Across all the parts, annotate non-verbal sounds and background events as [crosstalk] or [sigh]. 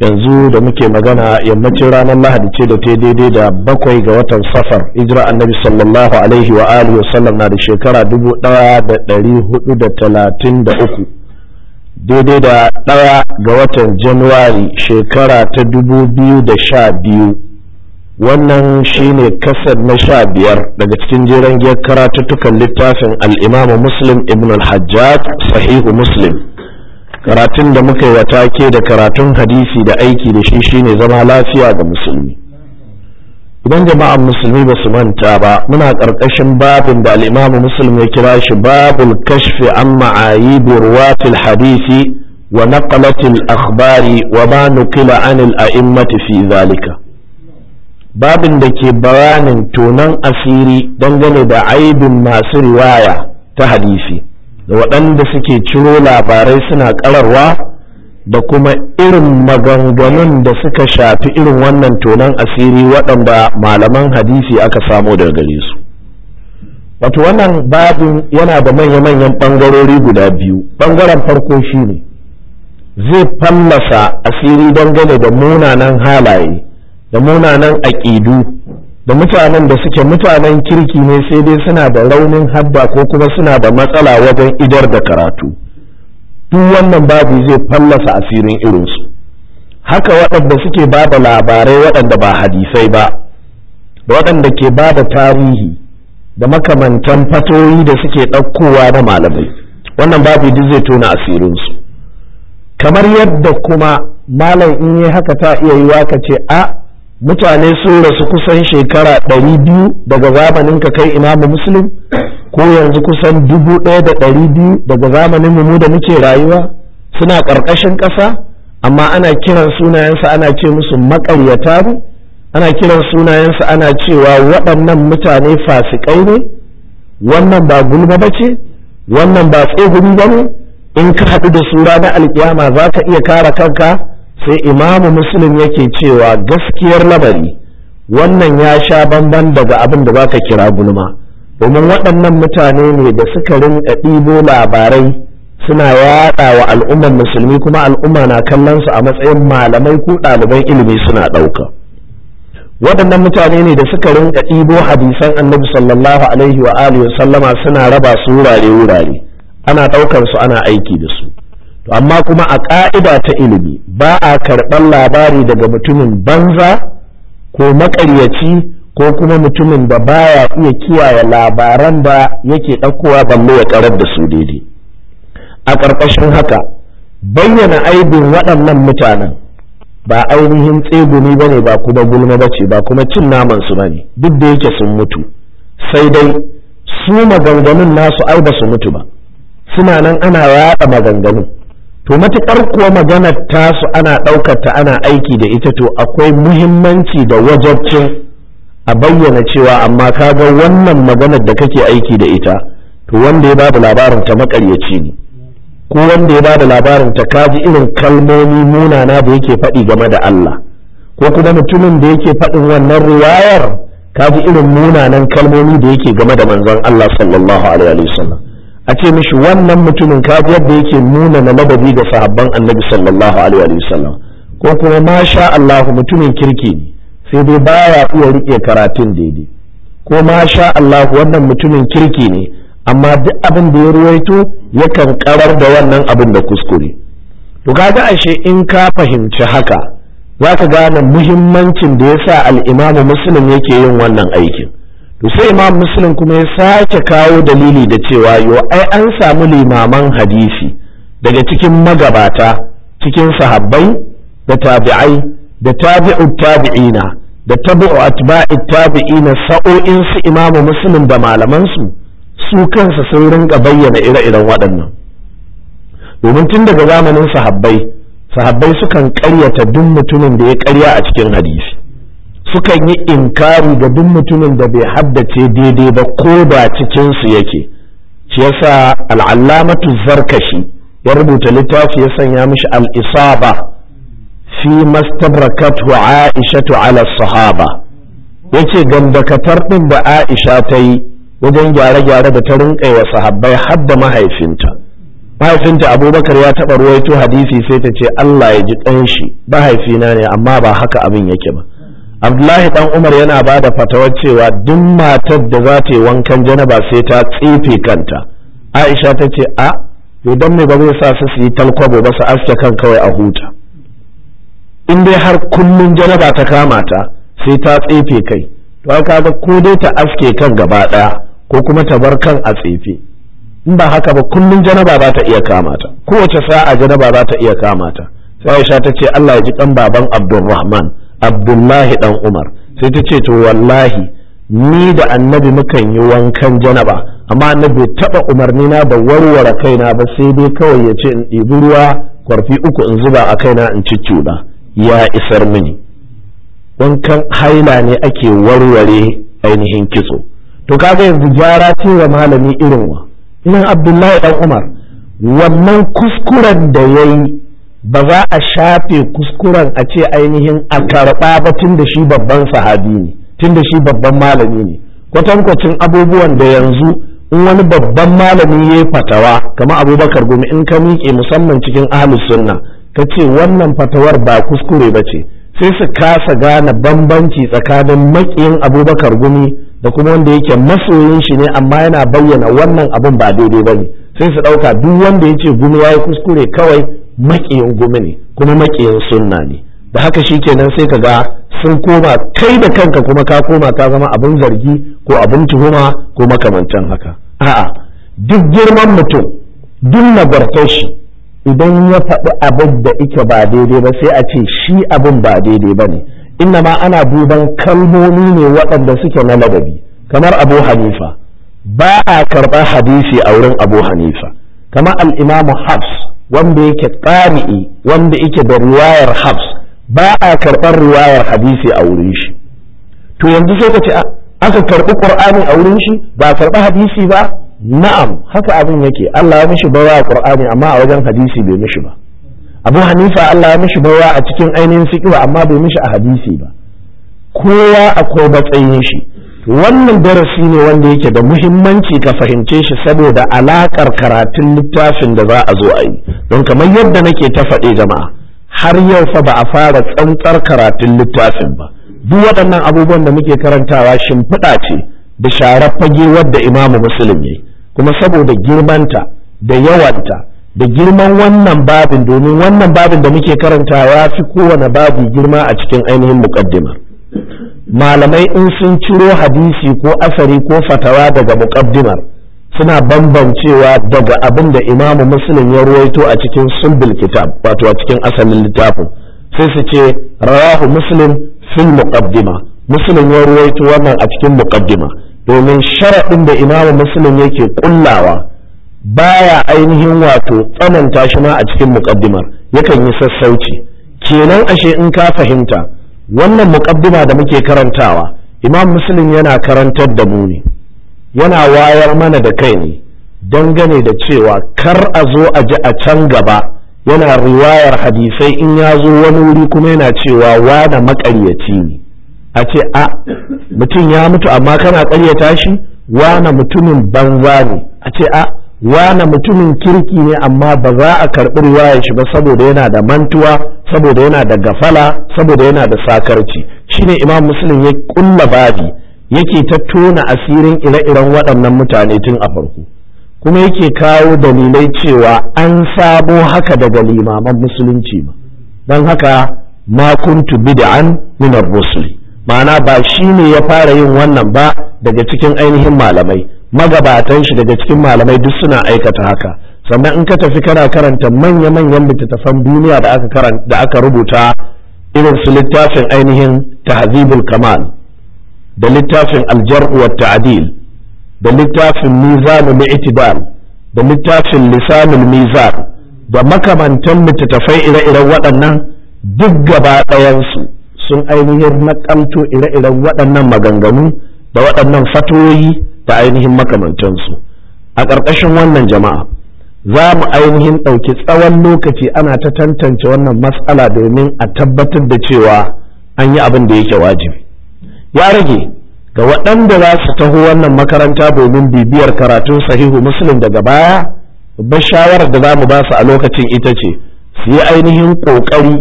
yanzu da muke magana yammacin ranar lahadi ce da ta daidai da bakwai ga watan safar ijira annabi sallallahu alaihi wa alihi wasallam na da shekara dubu daya da dari hudu da talatin da uku daidai da daya ga watan januwari shekara ta dubu biyu da sha biyu wannan shine kasar na sha biyar daga cikin jeren giyar karatuttukan littafin al'imamu muslim ibn al-hajjaj sahihu muslim karatun da muka yi wa take da karatun hadisi da aiki da shi shine zama lafiya ga musulmi idan jama'an musulmi ba su manta ba muna ƙarƙashin babin da al'imamu musulmi ya kira shi babul kashfi an ma'ayibi ruwatil hadisi wa naqalatil akhbari wa ma nuqila anil a'immati fi zalika babin da ke bayanin tonan asiri dangane da aibin masu riwaya ta hadisi da waɗanda suke ciro labarai suna ƙararwa da kuma irin maganganun da suka shafi irin wannan tonon asiri waɗanda malaman hadisi aka samo daga gare su wato wannan babin yana da manya-manyan ɓangarori guda biyu ɓangaren farko shine zai fallasa asiri dangane da munanan halaye da munanan aƙidu da mutanen da suke mutanen kirki ne sai dai suna da raunin habba ko kuma suna da matsala wajen idar da karatu duk wannan babu zai fallasa asirin irin su. haka waɗanda suke ba da labarai waɗanda ba hadisai ba da waɗanda ke ba da tarihi da makamantan fatoyi da suke ɗaukowa da malamai wannan babu duk zai tona asirinsu kamar yadda kuma malam in yi haka ta iya yi waka ce a mutane sun rasu kusan shekara ɗari biyu daga zamanin ka kai imamu muslim ko yanzu kusan dubu ɗaya da ɗari biyu daga zamanin mu da muke rayuwa suna ƙarƙashin ƙasa amma ana kiran sunayensa ana ce musu maƙaryata ne ana kiran sunayensa ana cewa waɗannan mutane fasikai ne wannan ba gulma ba ce wannan ba tsegumi ba ne in ka haɗu da su ranar alkiyama za ka iya kare kanka sai imamu musulun yake cewa gaskiyar labari wannan ya sha bamban daga abin da baka kira gulma domin waɗannan mutane ne da suka rinka ɗibo labarai suna yaɗa wa al'ummar musulmi kuma al'umma na kallon su a matsayin malamai ko ɗaliban ilimi suna ɗauka waɗannan mutane ne da suka rinka ɗibo hadisan annabi sallallahu alaihi wa alihi sallama suna raba su wurare wurare ana ɗaukar su ana aiki da su to amma kuma a ƙa'ida ta ilimi ba a karɓar labari daga mutumin banza ko maƙaryaci ko kuma mutumin da baya iya kiyaye labaran da yake ɗaukowa balle ya ƙarar da su daidai a ƙarƙashin haka bayyana aibin waɗannan mutanen ba ainihin tsegumi ba ne ba kuma gulma ba ce ba kuma cin naman su ba ne duk da yake sun mutu sai dai su maganganun nasu ai ba su mutu ba suna nan ana yaɗa maganganun to matuƙar kuwa maganar tasu ana ɗaukar ana aiki da ita to akwai muhimmanci da wajabcin a bayyana cewa amma ka ga wannan maganar da kake aiki da ita to wanda ya bada labarin ta makaryaci ne ko wanda ya bada labarin ta kaji irin kalmomi munana da yake faɗi game da Allah ko kuma mutumin da yake faɗin wannan ruwayar, kaji irin munanan kalmomi da yake game da manzon Allah sallallahu alaihi wasallam a ce mishi wannan mutumin kaji yadda yake nuna na madadi ga sahabban annabi sallallahu alaihi wasallam ko kuma ma sha Allah mutumin kirki ne sai dai baya iya rike karatun daidai ko ma sha Allah wannan mutumin kirki ne amma duk abin da ya ruwaito yakan karar da wannan abin da kuskure to kaga ashe in ka fahimci haka za ka gane muhimmancin da yasa al-Imam Muslim yake yin wannan aikin sai imam muslim kuma ya sake kawo dalili da cewa yo ai an samu limaman hadisi daga cikin magabata cikin sahabbai da tabi'ai da tabi'u tabi'ina da tabi'u atba'i tabi'ina sa'o'in su imamu muslim da malaman su su kansa sun ringa bayyana ire-iren waɗannan domin tun daga zamanin sahabbai sahabbai sukan ƙaryata duk mutumin da ya karya a cikin hadisi sukan yi inkari da duk mutumin da bai haddace daidai ba ko ba cikinsu yake shi yasa al'allamatu zarkashi ya rubuta littafi ya sanya mishi al'isaba fi mastabrakatu aishatu ala sahaba yace gandakatar din da aisha ta yi wajen gyare-gyare da ta rinka wa sahabbai har da mahaifinta mahaifinta abubakar ya taɓa ruwaito hadisi sai ta ce allah ya ji ƙanshi mahaifina ne amma ba haka abin yake ba abdullahi dan umar yana ba da fatawar cewa duk matar da za ta yi wankan janaba sai ta tsefe kanta aisha ta ce a idan me ba zai sa su yi talkwabo ba su aske kan kawai a huta in dai har kullum janaba ta kama ta sai ta tsefe kai to ga ko dai ta aske kan gaba daya ko kuma ta bar kan a tsefe in ba haka ba kullum janaba ba ta iya kama ta kowace sa'a janaba ba ta iya kama ta aisha ta ce Allah ya ji dan baban abdulrahman abdullahi dan umar sai ta ce to wallahi ni da annabi mukan yi wankan janaba amma annabi bai taba umarni na ba warware kaina ba sai dai kawai ya ce in ɗibi ruwa kwarfi uku in zuba a kaina in cuccuɗa ya isar mini wankan haila ne ake warware ainihin kitso to kaga yanzu gyara ce wa malami irin wa ina abdullahi dan umar wannan kuskuren da ya yi ba za a shafe kuskuren a ce ainihin a karɓa ba tun da shi babban sahabi ne tun da shi babban malami ne kwatankwacin abubuwan da yanzu in wani babban malami ya yi fatawa kamar abubakar gumi in ka miƙe musamman cikin ahlus sunna ka ce wannan fatawar ba kuskure ba ce sai su kasa gane bambanci tsakanin maƙiyin abubakar gumi da kuma wanda yake masoyin shi ne amma yana bayyana wannan abin ba daidai ba ne sai su ɗauka duk wanda ya ce gumi ya yi kuskure kawai maƙiyin gumi ne kuma maƙiyin sunna ne da haka shi kenan sai ka ga sun koma kai da kanka kuma ka koma ka zama abin zargi ko abin tuhuma ko makamantan haka a'a duk girman mutum duk nagartar shi idan ya faɗi abin da ike ba daidai ba sai a ce shi abin ba daidai ba ne inna ma ana duban kalmomi ne waɗanda suke na ladabi kamar abu hanifa ba a karɓar hadisi a wurin abu hanifa kamar al'imamu hafs wanda yake tsami'i wanda yake da riwayar hafs ba a karɓar riwayar hadisi a wurin shi to yanzu sai ka ce aka karɓi qur'ani a wurin shi ba a karɓi hadisi ba na'am haka abin yake Allah ya mishi bawa qur'ani amma a wajen hadisi bai mishi ba Abu Hanifa Allah ya mishi bawa a cikin ainihin sikiwa amma bai mishi a hadisi ba kowa akwai matsayin shi wannan darasi ne wanda yake da muhimmanci ka fahimce shi saboda alakar karatun littafin da za a zo a yi don kamar yadda nake ta faɗe jama'a har yau fa ba a fara tsantsar karatun littafin ba duk waɗannan abubuwan da muke karantawa shimfiɗa ce da sharar fage wadda imamu musulmi kuma saboda girmanta da yawanta da girman wannan babin domin wannan babin da muke karantawa fi kowane babu girma a cikin ainihin mukaddima malamai in sun ciro hadisi ko asari ko fatawa daga muqaddimar suna bambancewa daga abin da imamu muslim ya ruwaito a cikin sumbil kitab wato a cikin asalin littafin sai su ce rawahu muslim fil muqaddima muslim ya ruwaito wannan a cikin muqaddima domin sharaɗin da imamu muslim yake kullawa baya ainihin wato tsananta shi ma a cikin muqaddimar yakan yi sassauci kenan ashe in ka fahimta wannan muqaddima da muke karantawa imam muslim yana karantar da mu ne yana wayar mana da kai ne dangane da cewa kar a zo a ji a can gaba yana riwayar hadisai in ya zo wani wuri kuma yana cewa wada makaryaci ne a ce a mutum ya mutu amma kana karyata shi wana mutumin banza ne a ce a wane mutumin kirki ne amma ba za a karɓi riwayar shi ba saboda yana da mantuwa saboda yana da gafala saboda yana da sakarci shine imam muslim ya kulla babi yake ta tona asirin ire-iren waɗannan mutane tun a farko kuma yake kawo dalilai cewa an sabo haka daga limaman musulunci ba don haka ma kuntu bid'an min ar ma'ana ba shi ne ya fara yin wannan ba daga cikin ainihin malamai magabatan shi daga cikin malamai duk suna aikata haka sannan in ka tafi kana karanta manya-manyan littattafan duniya da aka da aka rubuta irin su littafin ainihin tahzibul kamal da littafin aljar'u wa ta'dil da littafin mizanul i'tidal da littafin lisanul mizan da makamantan littattafai ire-iren waɗannan duk gaba ɗayansu sun ainihin naƙalto ire-iren waɗannan maganganu da waɗannan fatoyi ta ainihin makamantansu a ƙarƙashin wannan jama'a za mu ainihin ɗauki tsawon lokaci ana ta tantance wannan matsala domin a tabbatar da cewa an yi abin da yake wajibi ya rage ga waɗanda za su taho wannan makaranta domin bibiyar karatun sahihu muslim daga baya babbar shawarar da za mu ba su a lokacin ita ce su yi ainihin ƙoƙari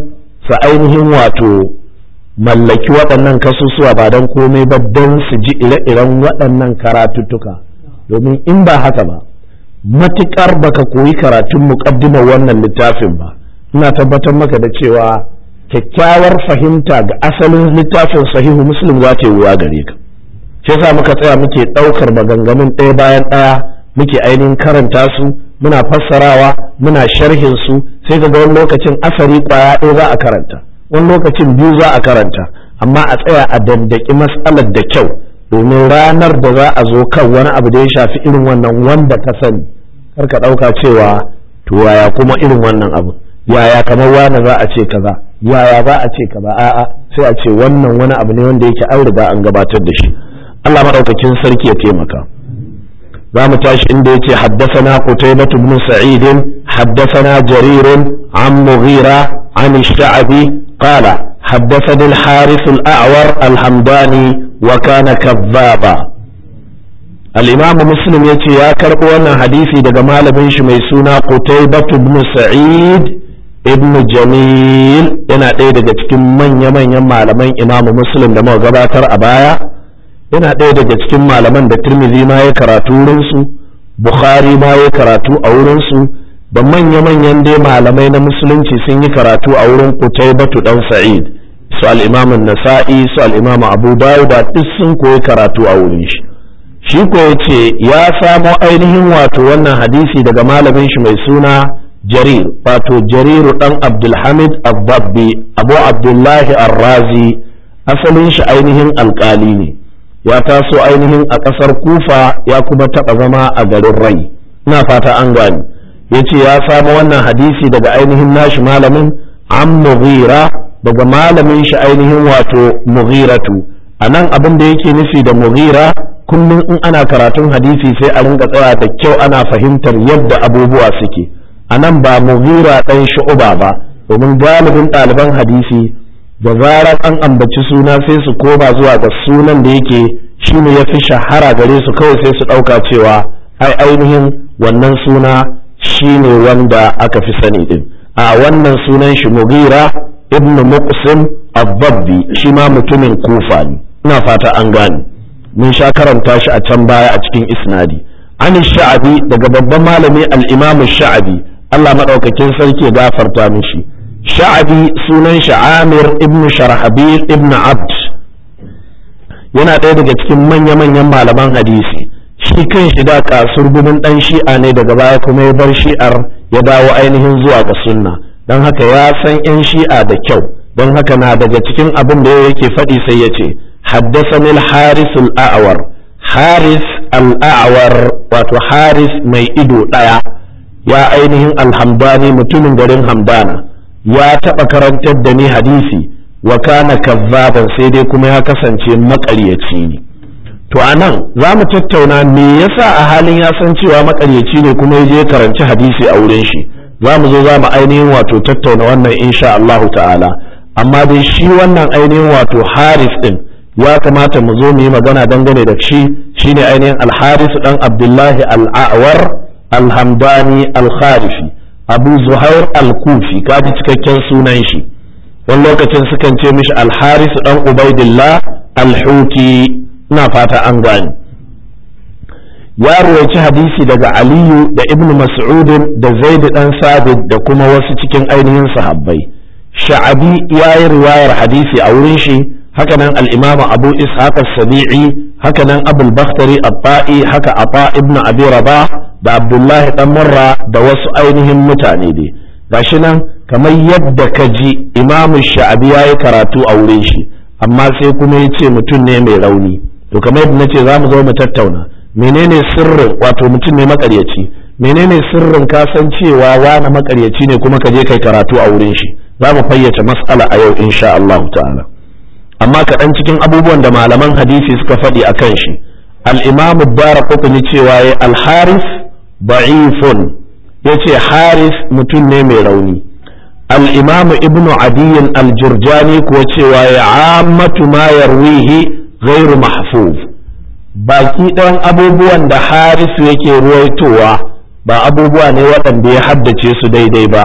su ainihin wato mallaki waɗannan kasusuwa ba don komai ba don su ji ire-iren waɗannan karatuttuka domin in ba haka ba matuƙar baka koyi karatun muƙaddimar wannan littafin ba ina tabbatar maka da cewa kyakkyawar fahimta ga asalin littafin sahihu muslim za ta yi wuya gare ka shi yasa muka tsaya muke ɗaukar maganganun ɗaya bayan ɗaya muke ainihin karanta su muna fassarawa muna sharhin su sai ga wani lokacin asari ƙwaya ɗaya za a karanta wani lokacin biyu za a karanta amma a tsaya a dandaki matsalar da kyau domin ranar da za a zo kan wani abu da ya shafi irin wannan wanda ka sani kar ka ɗauka cewa to yaya kuma irin wannan abu yaya kamar wani za a ce kaza yaya ba a ce kaza a'a sai a ce wannan wani abu ne wanda yake an riga an gabatar da shi Allah madaukakin sarki ya taimaka za mu tashi inda yake na qutaybah Sa'idin, Haddasa na Jaririn, an mughira عن الشعبي قال حدثني الحارث الأعور الحمداني وكان كذابا الإمام مسلم يتي يا كربوانا حديثي دقمال بن شميسونا قتيبة بن سعيد ibnu jamil yana ɗaya daga cikin manya-manyan malaman imamu muslim da muka gabatar a baya yana ɗaya daga cikin malaman da turmizi ma ya karatu wurinsu bukhari ma ya karatu a wurinsu da manya-manyan dai malamai na musulunci sun yi karatu a wurin kutaibatu dan sa'id su al'imamin nasa'i su al'imamin abu dawuda duk sun koyi karatu a wurin shi shi ko ya ce ya samo ainihin wato wannan hadisi daga malamin shi mai suna jarir wato jariru dan abdulhamid abbabbi abu abdullahi arrazi asalin shi ainihin alkali ne ya taso ainihin a ƙasar kufa ya kuma taɓa zama a garin rai ina fata an gani yace ya samu wannan hadisi daga ainihin nashi malamin an mughira daga malamin shi ainihin wato mughiratu anan abin da yake nufi da mughira kullum in ana karatun hadisi sai a rinka tsaya da kyau ana fahimtar yadda abubuwa suke anan ba mughira dan shu'uba ba domin galibin ɗaliban hadisi da zarar an ambaci suna sai su koma zuwa ga sunan da yake shine ya fi shahara gare su kawai sai su ɗauka cewa ai ainihin wannan suna Shi ne wanda aka fi sani din a wannan sunan shi mugira ibn muqsim abbabbi shi ma mutumin kufa ne ina fata an gane mun sha karanta shi a can baya a cikin isnadi an sha'abi daga babban malami al-imam sha'abi Allah madaukakin sarki ya gafarta mishi sha'abi sunan shi Amir ibn sharhabi ibn Abd yana ɗaya daga cikin manya-manyan malaman hadisi shi kan shi da kasur gudun dan shi'a ne daga baya kuma ya bar shi'ar ya dawo ainihin zuwa ga sunna don haka ya san yan shi'a da kyau don haka na daga cikin abin da yake faɗi sai ya ce haddasani al-haris al-a'war haris al awar haris al wato haris mai ido ɗaya ya ainihin alhamdani mutumin garin hamdana ya taɓa karantar da ni hadisi wa kana kazzaban sai dai kuma ya kasance maƙaryaci ne to a nan za mu tattauna me yasa a halin ya san cewa makaryaci ne kuma ya je karanci hadisi a wurin shi za mu zo za mu ainihin wato tattauna wannan insha Allahu ta'ala amma dai shi wannan ainihin wato haris din ya kamata mu zo mu yi magana dangane da shi shine ainihin al-haris dan abdullahi al-a'war al-hamdani al-kharifi abu zuhair al-kufi kaji cikakken sunan shi wani lokacin sukan ce mishi al-haris dan ubaidillah al-huti ina fata an gani ya ruwaci hadisi daga aliyu da ibn mas'ud da zaid dan sabit da kuma wasu cikin ainihin sahabbai sha'abi ya yi riwayar hadisi a wurin shi hakanan al-imam abu ishaq as-sabi'i hakanan abul bakhtari at-ta'i haka ata ibn abi rabah da abdullahi dan murra da wasu ainihin mutane dai gashi nan kamar yadda ka ji imamu sha'abi ya yi karatu a wurin shi amma sai kuma ya ce mutum ne mai rauni to kamar yadda nace za mu zo mu tattauna menene sirrin wato mutum ne makaryaci menene sirrin ka san cewa wani makaryaci ne kuma ka je kai karatu a wurin shi za mu fayyace mas'ala a yau insha Allah ta'ala amma kaɗan cikin abubuwan da malaman hadisi suka faɗi a kan shi al-imam Barakutuni cewa ya al-Haris ba'ifun yace Haris mutum ne mai rauni al-imam ibnu Adiy al-Jurjani kuwa cewa ya ammatu ma yarwihi zairu mahfuz baki ɗayan abubuwan da harisu yake ruwaitowa ba abubuwa ne waɗanda ya haddace su daidai ba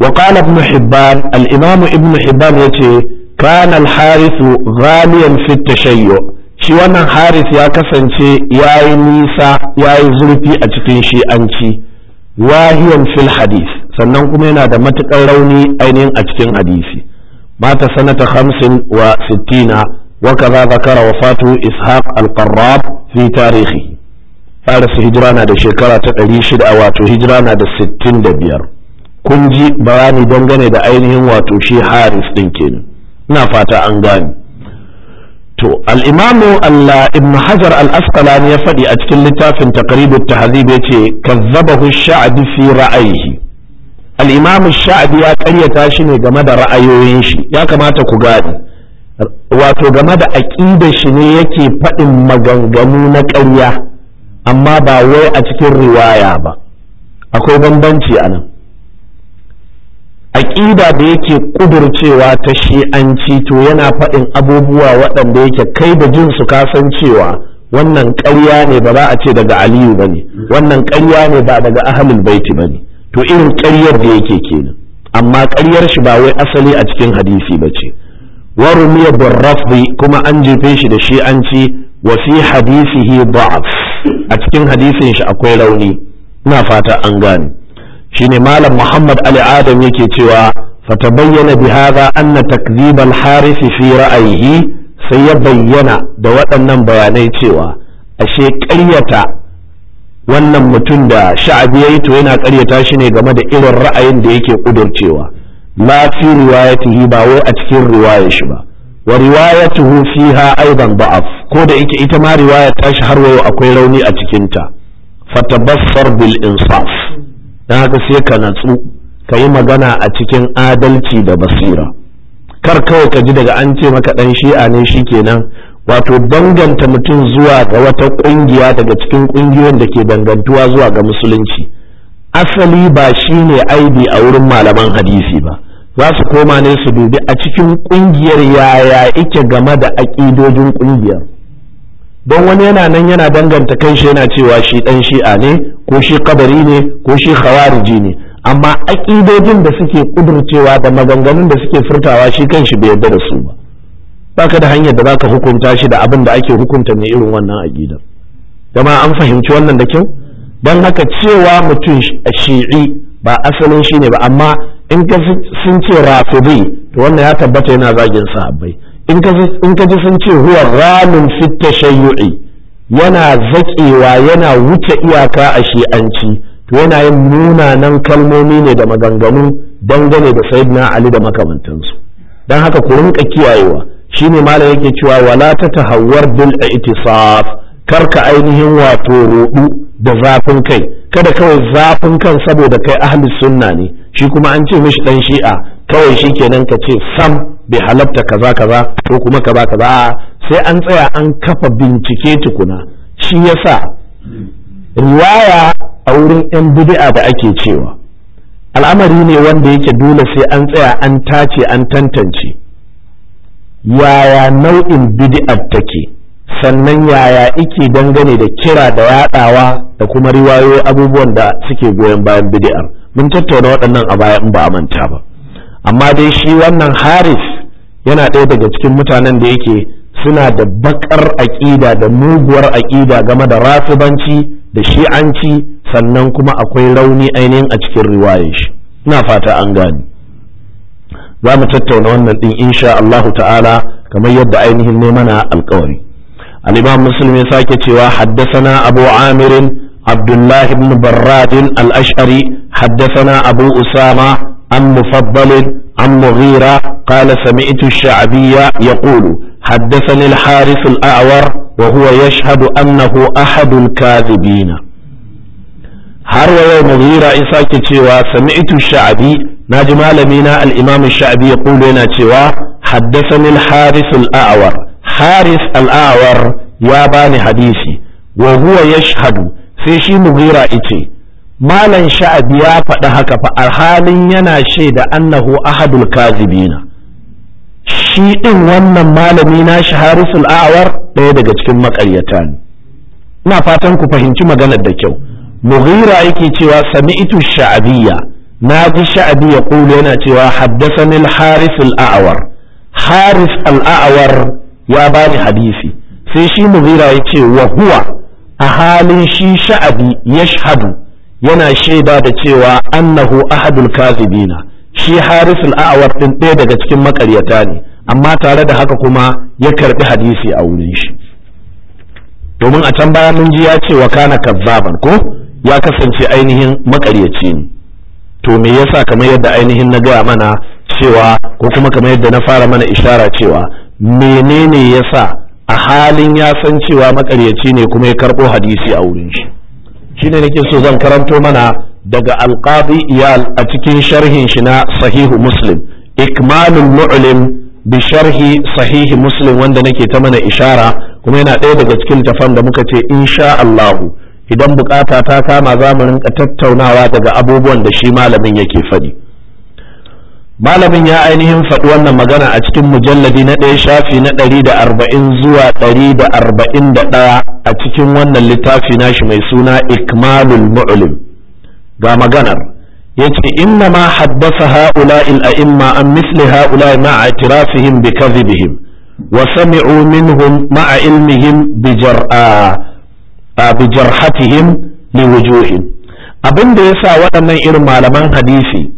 wa qala ibn hibban al-imam ibn hibban yace kana al-harisu ghaliyan fi tashayyu shi wannan haris ya kasance yayi nisa yayi zurfi a cikin shi'anci wahiyan fil hadith sannan kuma yana da matukar rauni ainihin a cikin hadisi mata sanata 65 وكذا ذكر وفاته إسحاق القراب في تاريخه أرس هجرانا دا شكرة تقليشد أواتو هجرانا دا ستين دا بيار كنجي براني دنغني دا أينهم واتو شي حارس دنكين نافاتا أنغاني تو الإمام الله ابن حجر الأسقلاني يفدي أتكل لتاف تقريب التهذيب يتي كذبه الشعب في رأيه الإمام الشعب يا كريتاشي نجمد رأيه ينشي يا كما تكو قادي wato game da aƙidar shi ne yake faɗin maganganu na ƙarya amma ba wai a cikin riwaya ba akwai bambanci a nan aƙida da yake ƙudurcewa ta shi'anci to yana faɗin abubuwa waɗanda yake kai da jin su kasan cewa wannan ƙarya ne ba za a ce daga aliyu ba ne wannan ƙarya ne ba daga ahalul baiti ba ne to irin ƙaryar da yake kenan amma ƙaryar shi ba wai asali a cikin hadisi ba ce wa rumiya birrafdi kuma an jefe shi da shi'anci wa fi hadisihi da'af a cikin hadisin shi akwai rauni ina fata an gane shine malam muhammad ali adam yake cewa bayyana فتبين بهذا أن تكذيب sai ya bayyana da waɗannan bayanai cewa ashe ƙaryata wannan mutum da sha'abi ya yi to yana karyata shi ne game da irin ra'ayin da yake ƙudurcewa la fi riwayatihi ba wai a cikin riwayar shi ba wa riwayatuhu fiha aidan da'af ko da yake ita ma riwaya tashi har wayo akwai rauni a cikin ta fatabassar bil insaf Na ga sai ka natsu ka yi magana a cikin adalci da basira kar kawai ka ji daga an ce maka dan shi'a ne shikenan wato danganta mutum zuwa ga wata ƙungiya daga cikin ƙungiyoyin da ke dangantuwa zuwa ga musulunci asali ba shine aibi a wurin malaman hadisi ba za su koma ne su dubi a cikin ƙungiyar yaya ike game da aƙidojin ƙungiyar don wani yana nan yana danganta kan shi yana cewa shi ɗan shi'a ne ko shi kabari ne ko shi khawariji ne amma aƙidojin da suke ƙudurcewa da maganganun da suke furtawa shi kan shi bai yarda da su ba baka da hanyar da ka hukunta shi da abin da ake hukunta mai irin wannan aƙidar dama an fahimci wannan da kyau don haka cewa mutum shi'i ba asalin shi ne ba amma in ka sun ce rafidi to wannan ya tabbata yana zagin sahabbai in ka ji sun ce huwa ramin fit tashayyu'i yana zakewa yana wuce iyaka a shi'anci to yana yin munanan kalmomi ne da maganganu dangane da sayyidina ali da makamantansu dan haka ku rinka kiyayewa shine malam yake cewa wala ta tahawwar bil i'tisaf karka ainihin wato rudu da zafin kai kada kawai zafin kan saboda kai ahli sunna ne shi kuma an ce mishi dan shi'a kawai shi kenan ka ce sam bai halatta kaza kaza ko kuma kaza kaza sai an tsaya an kafa bincike tukuna shi yasa riwaya a wurin yan bid'a da ake cewa al'amari ne wanda yake dole sai an tsaya an tace an tantance yaya nau'in bid'ar take sannan yaya ike dangane da kira da yadawa da kuma riwayoyi abubuwan da suke goyon bayan bid'ar mun tattauna waɗannan a baya in ba a manta ba amma dai shi wannan haris yana ɗaya daga cikin mutanen da yake suna da bakar aƙida da muguwar aƙida game da rafibanci da shi'anci sannan kuma akwai rauni ainihin a cikin riwayar shi ina fata an gani za mu tattauna wannan ɗin insha Allahu ta'ala kamar yadda ainihin ne mana alƙawari al-imam ya sake cewa na abu amirin عبد الله بن براد الأشعري حدثنا أبو أسامة عن مفضل عن مغيرة قال سمعت الشعبي يقول حدثني الحارث الأعور وهو يشهد أنه أحد الكاذبين har wa yau mughira in sake cewa sami'tu sha'bi naji malami na al-imam sha'bi ya kulu yana cewa haddathani al-haris al-a'war haris awar haris al awar ya bani hadisi wa yashhadu sai shi mugira ice malan sha'abi ya faɗi haka fa a halin yana shaida annahu ahadul kazibina shi ɗin wannan malami na shi harisul awar ɗaya daga cikin maƙaryata ne ina fatan ku fahimci maganar da kyau mugira yake cewa sami'tu sha'abiyya na ji sha'abi ya kulu yana cewa haddasanil al-haris al-a'war haris al haris al ya bani hadisi sai shi mugira ya ce wa huwa a halin shi sha'abi ya shahadu yana shaida da cewa annahu ahadul kazibina shi harisul a'awar din ɗaya daga cikin makaryata ne amma tare da haka kuma ya karbi hadisi a wurin shi domin a can baya mun ji ya ce wa kana kazzaban ko ya kasance ainihin makaryaci ne to me yasa kamar yadda ainihin na gaya mana cewa ko kuma kamar yadda na fara mana ishara cewa menene yasa a halin ya san cewa makaryaci ne kuma ya karɓo hadisi a wurin shi shine nake so zan karanto mana daga alqadi iyal a cikin sharhin shi na sahihu muslim ikmalul mu'lim bi sharhi sahihi muslim wanda nake ta mana ishara kuma yana ɗaya daga cikin tafan da muka ce insha Allah idan bukata ta kama zamanin mu rinka tattaunawa daga abubuwan da shi malamin yake faɗi malamin ya ainihin faɗi wannan magana a cikin mujalladi na ɗaya shafi na ɗari da arba'in zuwa ɗari da arba'in da ɗaya a cikin wannan littafi nashi mai suna ikmalul mu'lim ga maganar ya ce inna ma haddasa haula a'imma an misli ha'ula'i ma'a itirafihim bi kadhibihim wa sami'u minhum ma'a ilmihim bi jar'a li wujuhin abinda ya yasa waɗannan irin malaman hadisi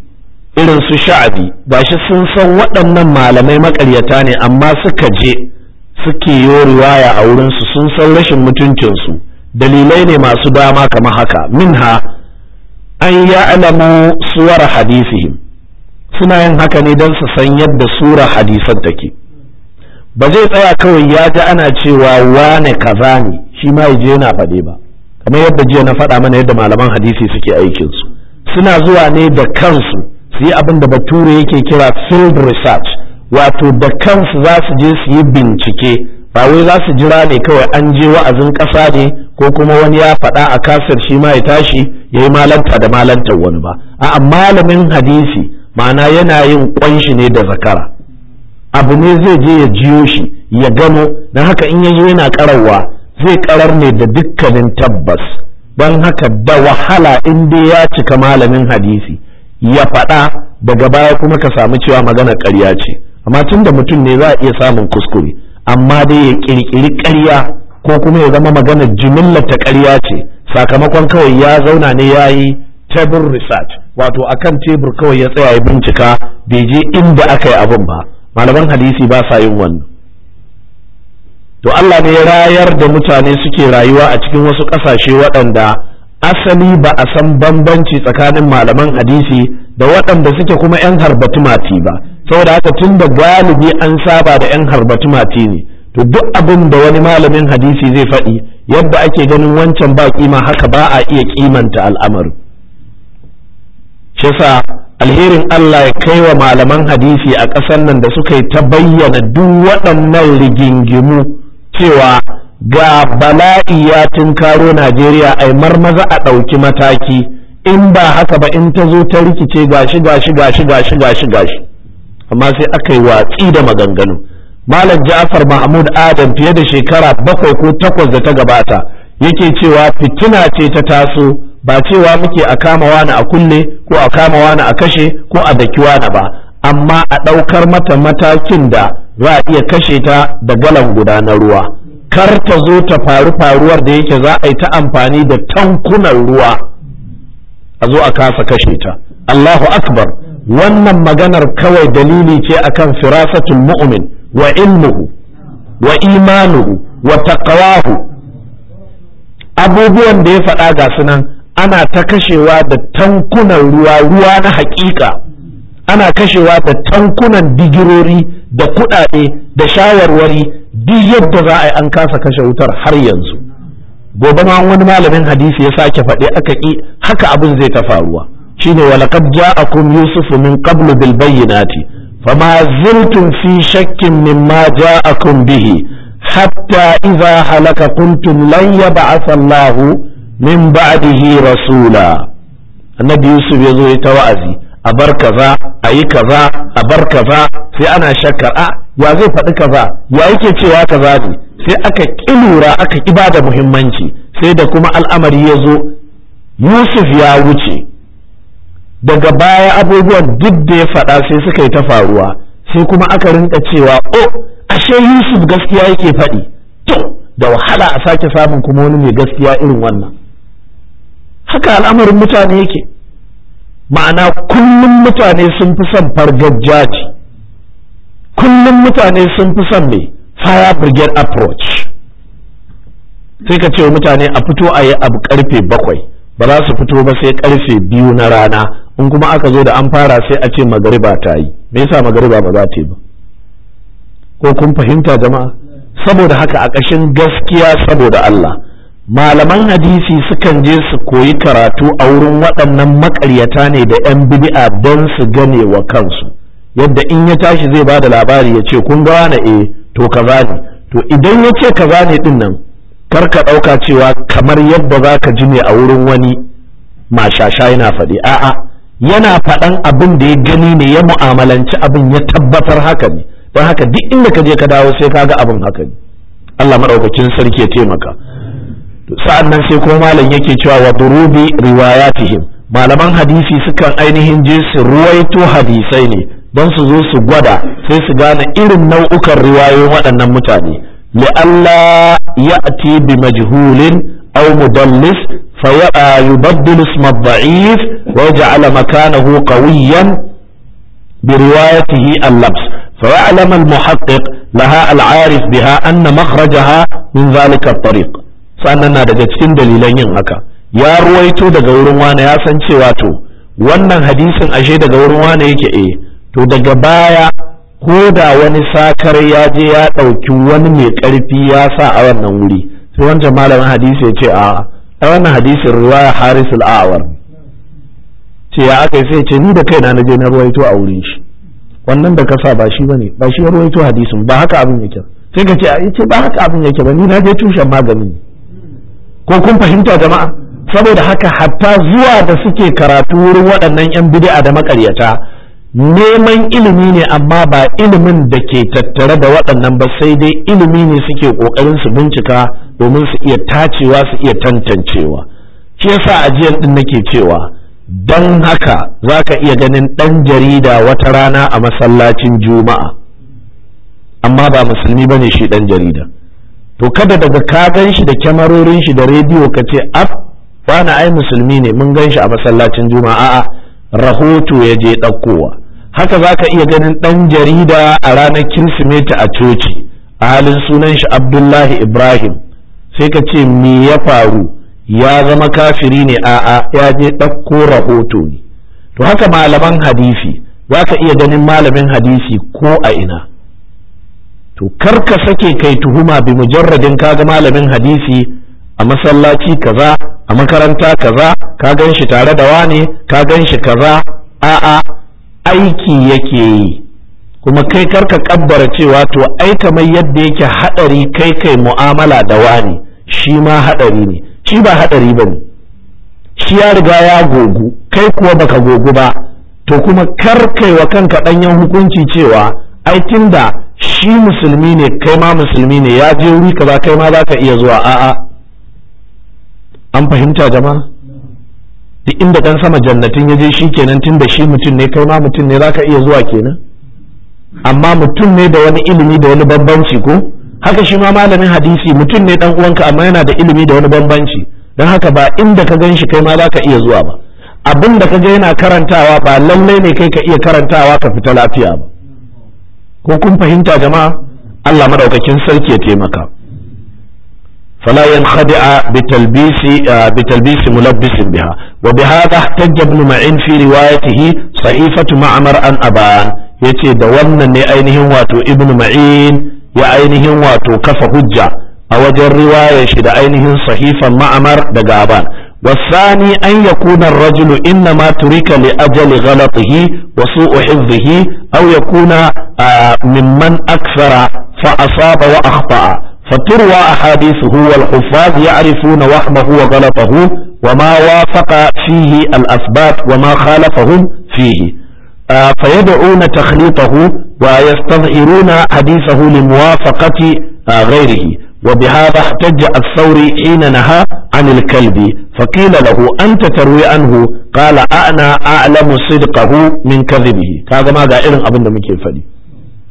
irin su sha'abi ba shi sun san waɗannan malamai maƙaryata ne amma suka je suke yi riwaya a su sun san rashin mutuncinsu dalilai ne masu dama kamar haka minha an ya'lamu suwar hadisihim suna yin haka ne don su san yadda sura hadisan take ba zai tsaya kawai ya ji ana cewa wane kaza ne shi ma ya je yana faɗe ba kamar yadda jiya na faɗa mana yadda malaman hadisi suke aikinsu suna zuwa ne da kansu su yi abin da bature yake kira field research wato da kansu za su je su yi bincike ba wai za su jira ne kawai an je wa'azin ƙasa ne ko kuma wani ya faɗa a kasar shi ma ya tashi ya yi malanta da malantar wani ba a malamin hadisi ma'ana yana yin ƙwanshi ne da zakara abu ne zai je ya jiyo shi ya gano na haka in yayi yana ƙararwa zai ƙarar ne da dukkanin tabbas don haka da wahala in dai ya cika malamin hadisi ya faɗa daga baya kuma ka samu cewa magana ƙarya ce amma tun da mutum ne za a iya samun kuskure amma dai ya ƙirƙiri ƙarya ko kuma ya zama magana jimillar ta ƙarya ce sakamakon kawai ya zauna ne ya yi tebur research wato akan tebur kawai ya tsaya ya bincika bai je inda aka yi abin ba malaman hadisi ba sa yin wannan to Allah ne ya rayar da mutane suke rayuwa a cikin wasu ƙasashe waɗanda asali ba a san bambanci tsakanin malaman hadisi da waɗanda suke kuma 'yan harbatumati ba saboda haka tun da galibi an saba da 'yan mati ne to duk abin da wani malamin hadisi zai faɗi yadda ake ganin wancan ba kima haka ba a iya kimanta al'amaru. shisa alherin Allah ya kai wa malaman hadisi a ƙasar nan da suka yi ta bayyana duk waɗannan rigingimu cewa ga bala'i ya tunkaro Najeriya ai marmaza a ɗauki mataki in ba haka ba in ta zo ta rikice gashi gashi gashi gashi gashi gashi amma sai aka yi watsi da maganganu Malam Ja'far Mahmud Adam fiye da shekara bakwai ko takwas da ta gabata yake cewa fitina ce ta taso ba cewa muke a kama wani a kulle ko a kama wani a kashe ko a daki wani ba amma a ɗaukar mata matakin da za a iya kashe ta da galan guda na ruwa kar ta zo ta faru faruwar da yake za a yi ta amfani da tankunan ruwa a zo a kasa kashe ta Allahu akbar wannan maganar kawai dalili ce akan firasatul mu'min wa ilmuhu wa imanuhu wa taqwahu abubuwan da ya faɗa ga sunan ana ta kashewa da tankunan ruwa ruwa na haƙiƙa ana kashewa da tankunan digirori da kuɗaɗe da shawarwari duk yadda za a yi an kasa kashe wutar har yanzu gobe ma wani malamin hadisi ya sake faɗi aka ƙi haka abin zai ta faruwa shine walaqad ja'akum yusufu min qablu bil bayyinati fama ziltum fi shakkin mimma ja'akum bihi hatta idza halaka kuntum lan yab'atha Allahu min ba'dihi rasula annabi yusuf ya zo ya ta wa'azi a bar kaza a yi kaza a bar kaza sai ana shakkar a ah, ya zai faɗi kaza ya yake cewa kaza ne sai aka ƙi lura aka ƙi ba da muhimmanci sai da kuma al'amari ya zo yusuf ya wuce daga baya abubuwan duk da ya faɗa sai suka yi ta faruwa sai kuma aka rinka cewa o oh, ashe yusuf gaskiya yake faɗi to da wahala a sake samun kuma wani mai gaskiya irin wannan haka al'amarin mutane yake ma'ana kullum mutane sun fi son fargajjaji kullum mutane sun fi son mai fire brigade approach sai ka ce mutane a fito a yi abu karfe bakwai ba za su fito ba sai karfe biyu na rana in kuma aka zo da an fara sai a ce magariba ta yi me yasa magariba ba za ta yi ba ko kun fahimta jama'a saboda haka a ƙashin gaskiya saboda Allah malaman hadisi sukan je su koyi karatu a wurin waɗannan maƙaryata ne da 'yan bid'a don su gane wa kansu yadda in ya tashi zai ba da labari ya ce kun ga wani eh to kaza ne to idan ya ce ka ne din nan kar ka ɗauka cewa kamar yadda za ka ji ne a wurin wani mashasha yana faɗi a'a yana faɗan abin da ya gani ne ya mu'amalanci abin ya tabbatar haka ne don haka duk inda ka je ka dawo sai ka ga abin haka ne Allah maɗaukakin sarki ya taimaka sa'an nan sai kuma malam yake cewa wa durubi riwayatihim malaman hadisi sukan ainihin je su ruwaito hadisai ne don su zo su gwada sai su gane irin nau'ukan riwayoyin waɗannan mutane li'alla ya'ti bi majhulin aw mudallis fa yubaddilu isma dha'if wa yaj'ala makanahu qawiyan bi riwayatihi al-labs fa ya'lamu al-muhaqqiq laha al-'arif biha anna makhrajaha min dhalika at-tariq sannan na daga cikin dalilan yin haka ya ruwaito daga wurin wani ya san cewa to wannan hadisin ashe daga wurin wani yake eh to daga baya ko da wani sakar ya je ya ɗauki wani mai ƙarfi ya sa a wannan wuri sai wancan malamin hadisi ya ce a a wannan hadisin ruwaya haris al'awar ce ya aka sai ce ni da kaina na je na ruwaito a wurin shi wannan da ka sa ba shi bane ba shi ya ruwaito hadisin ba haka abin yake sai ka ce a ce ba haka abin yake ba ni na je tushen maganin ko kun fahimta jama'a saboda haka hatta zuwa da suke karatu wurin waɗannan 'yan bid'a da maƙaryata neman ilimi ne amma ba ilimin da ke tattare da waɗannan ba sai dai ilimi ne suke ƙoƙarin su bincika domin su iya tacewa su iya tantancewa shi yasa ajiyar din nake cewa don haka za ka iya ganin ɗan jarida wata rana a masallacin juma'a amma ba musulmi ba ne shi ɗan jarida to kada daga ka gan shi da kyamarorin shi da rediyo ka ce af wani ai musulmi ne mun ganshi a masallacin juma'a a rahoto ya je ɗaukowa haka za ka iya ganin ɗan jarida a ranar kirsimeti a coci a halin sunan shi abdullahi ibrahim sai ka ce me ya faru ya zama kafiri ne a'a ya je ɗauko rahoto ne to haka malaman hadisi za ka iya ganin malamin hadisi ko a ina to kar ka sake kai tuhuma bi mujarradin kaga malamin hadisi a masallaci kaza a makaranta kaza ka gan shi tare da wane ka gan shi kaza a'a aiki yake yi kuma kai karka kabbara cewa to ai kamar yadda yake hadari kai kai mu'amala da wani shi ma hadari ne shi ba hadari bane shi ya riga ya gogu kai kuwa baka gogu ba to kuma kar kai wa kanka danyen hukunci cewa ai tunda shi musulmi ne kai ma musulmi ne ya je wuri ba kai ma zaka iya zuwa a'a an fahimta jama'a duk inda dan sama jannatin ya je shi kenan tun da shi mutum ne kai ma mutum ne zaka iya zuwa kenan amma mutum ne da wani ilimi da wani bambanci ko haka shi ma malamin hadisi mutum ne dan uwanka amma yana da ilimi da wani bambanci don haka ba inda ka gan kai ma zaka iya zuwa ba abin da ka ga yana karantawa ba lallai ne kai ka iya karantawa ka fita lafiya ba ko kun fahimta jama'a Allah madaukakin sarki ya taimaka فلا ينخدع بتلبيس بتلبيس ملبس بها وبهذا احتج ابن معين في روايته صحيفة معمر عن أبان يتي دوانا لأينهم واتو ابن معين يأينهم واتو كف حجة أوجه الرواية شد أينهم صحيفة معمر دقابان والثاني أن يكون الرجل إنما ترك لأجل غلطه وسوء حفظه أو يكون ممن أكثر فأصاب وأخطأ فتروى أحاديثه والحفاظ يعرفون وهمه وغلطه وما وافق فيه الأثبات وما خالفهم فيه فيدعون تخليطه ويستظهرون حديثه لموافقة غيره وبهذا احتج الثوري حين نهى عن الكلب فقيل له أنت تروي عنه قال أنا أعلم صدقه من كذبه هذا ما قائل أبن مكيفني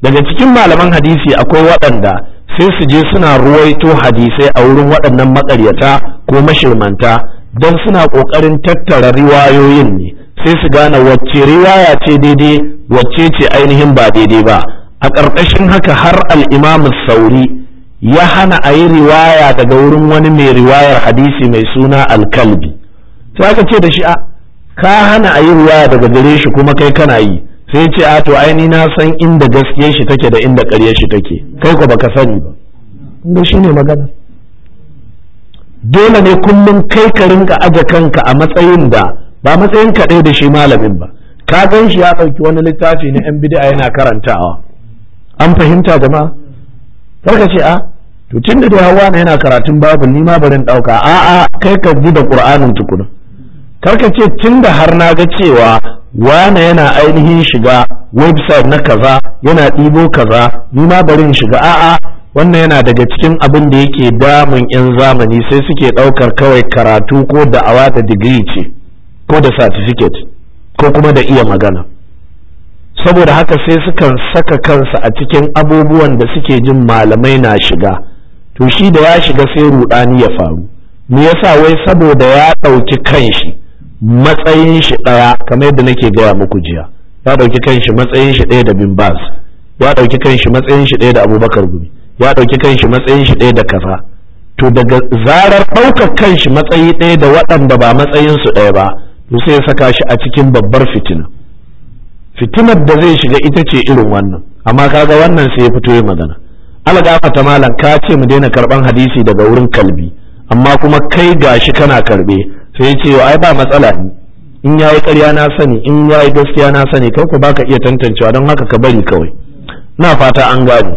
daga cikin malaman hadisi akwai waɗanda sai su je suna ruwaito hadisai a wurin waɗannan maƙaryata ko mashirmanta don suna ƙoƙarin tattara riwayoyin ne sai su gane wacce riwaya ce daidai wacce ce ainihin ba daidai ba a ƙarƙashin haka har al'imamu sauri ya hana a yi riwaya daga wurin wani mai riwayar hadisi mai suna alkalbi sai aka ce da shi a ka hana a yi riwaya daga gare shi kuma kai kana yi sai ce a to aini na san inda gaskiyar shi take da inda ƙarya shi take kai ko baka sani ba kun shi ne magana dole ne kullum kai ka rinka aje kanka a matsayin da ba matsayin ka da shi malamin ba ka gan shi ya ɗauki wani littafi na yan bid'a yana karantawa an fahimta jama'a Kar ka ce a to tun da hawa na yana karatun babu ni ma barin ɗauka a kai ka bi da ƙur'anin tukuna ka ce tun da har na ga cewa wane yana ainihin shiga website na kaza yana ɗibo kaza ni ma bari in shiga a'a wannan yana daga cikin abin da yake damun 'yan zamani sai suke ɗaukar kawai karatu ko da'awa da digiri ce ko da certificate ko kuma da iya magana saboda haka sai sukan saka kansa a cikin abubuwan da suke jin malamai na shiga to shi da ya shiga sai rudani ya faru me yasa wai saboda ya ɗauki kanshi matsayin shi ɗaya kamar yadda nake gaya muku jiya ya ɗauki kanshi matsayin shi ɗaya da bin bas ya ɗauki kanshi matsayin shi ɗaya da abubakar gumi ya ɗauki kanshi matsayin shi ɗaya da kaza to daga zarar ɗaukar kanshi matsayi ɗaya da waɗanda ba matsayin su ɗaya ba to sai ya saka shi a cikin babbar fitina fitinar da zai shiga ita ce irin wannan amma kaga wannan sai ya fito ya magana algafa ta malam ka ce mu daina karban hadisi daga wurin kalbi amma kuma kai gashi kana karɓe. to ya ce ai ba matsala ne in ya yi ƙarya na sani in ya yi gaskiya na sani kai ku baka iya tantancewa don haka ka bari kawai na fata an gane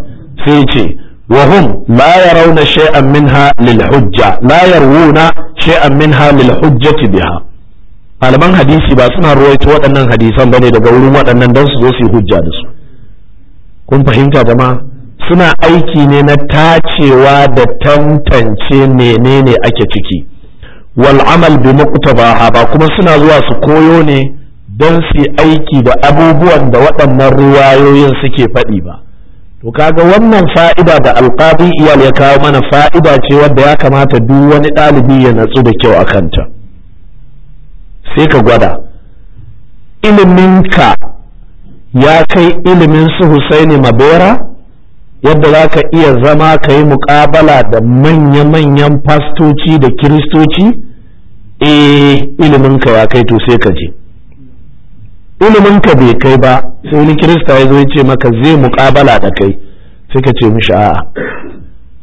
sai ya ce wa hum la yarawna shay'an minha lil hujja la yarawna shay'an minha lil hujjati biha malaman hadisi ba suna ruwaito waɗannan hadisan bane daga wurin waɗannan don su zo su yi hujja da su kun fahimta jama'a suna aiki ne na tacewa da tantance menene ake ciki wal amal bi muqtabaha ba kuma suna zuwa su koyo ne don su aiki da abubuwan da waɗannan ruwayoyin suke faɗi ba to kaga wannan fa'ida da alqadi iyal ya kawo mana fa'ida ce wanda ya kamata duk wani ɗalibi ya natsu da kyau a kanta sai ka gwada iliminka ya kai ilimin su Husaini Mabera yadda za ka iya zama ka yi muƙabala da manya-manyan fastoci da kiristoci eh iliminka ya kai to sai ka je iliminka bai kai ba sai wani kirista ya zo ya ce maka zai muƙabala da kai sai ka ce mishi a'a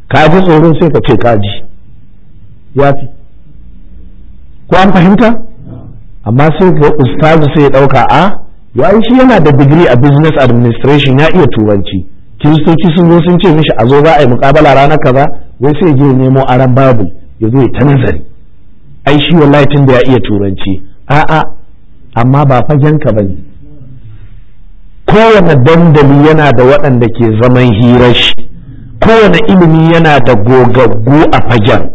ka ji tsoron sai ka ce ka ji ya fi ko an fahimta amma sai ga ustazu sai ya ɗauka a ya shi yana da digiri a business administration ya iya turanci kiristoci sun zo sun ce mishi a zo za a yi mukabala ranar kaza wai sai je nemo aran babu ya zo ya ta nazari ai shi wallahi tun da ya iya turanci a'a amma ba fagen ka bane kowane dandali yana da waɗanda ke zaman hirar shi kowane ilimi yana da gogaggu a fagen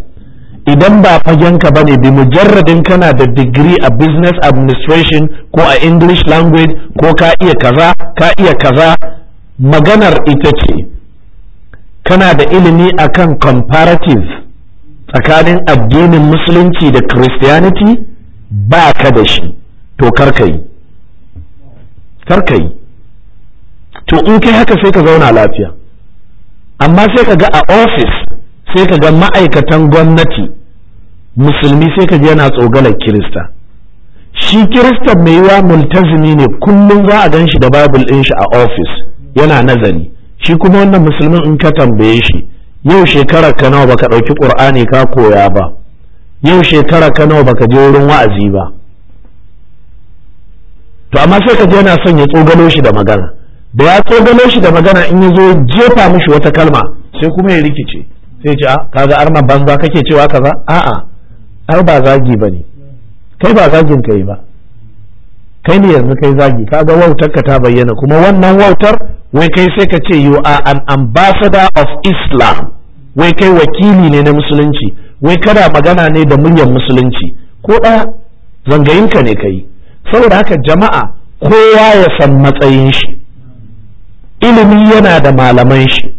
idan ba fagen ka bane bi mujarradin kana da digiri a business administration ko a english language ko ka iya kaza ka iya kaza maganar ita ce kana da ilimi akan comparative tsakanin addinin musulunci da christianity ba ka da shi to karkai karkai to in kai haka sai ka zauna lafiya amma sai ka ga a ofis sai ka ga ma'aikatan gwamnati musulmi sai ka ji yana tsogalar kirista shi kirista mai yiwa multazimi ne kullum za a gan shi da babul ɗin shi a ofis yana nazari shi kuma wannan musulmin in ka tambaye shi yau shekarar ka nawa baka ɗauki qur'ani ka koya ba yau shekarar ka nawa baka je wurin wa'azi ba to amma sai ka je yana son ya tsogalo shi da magana da ya tsogalo shi da magana in ya zo jefa mishi wata kalma sai kuma ya rikice sai ce ah, kaga arma banza kake cewa kaza a'a har ba zagi bane kai ba zagin kai ba kai ne yanzu kai zagi kaga wautar ka ta bayyana kuma wannan wautar wai kai sai ka ce you are an ambassador of islam wai kai wakili ne na musulunci wai kana magana ne da muryar musulunci ko ɗaya zangayinka ne kai saboda haka jama'a kowa ya san matsayin shi ilimi yana da malaman shi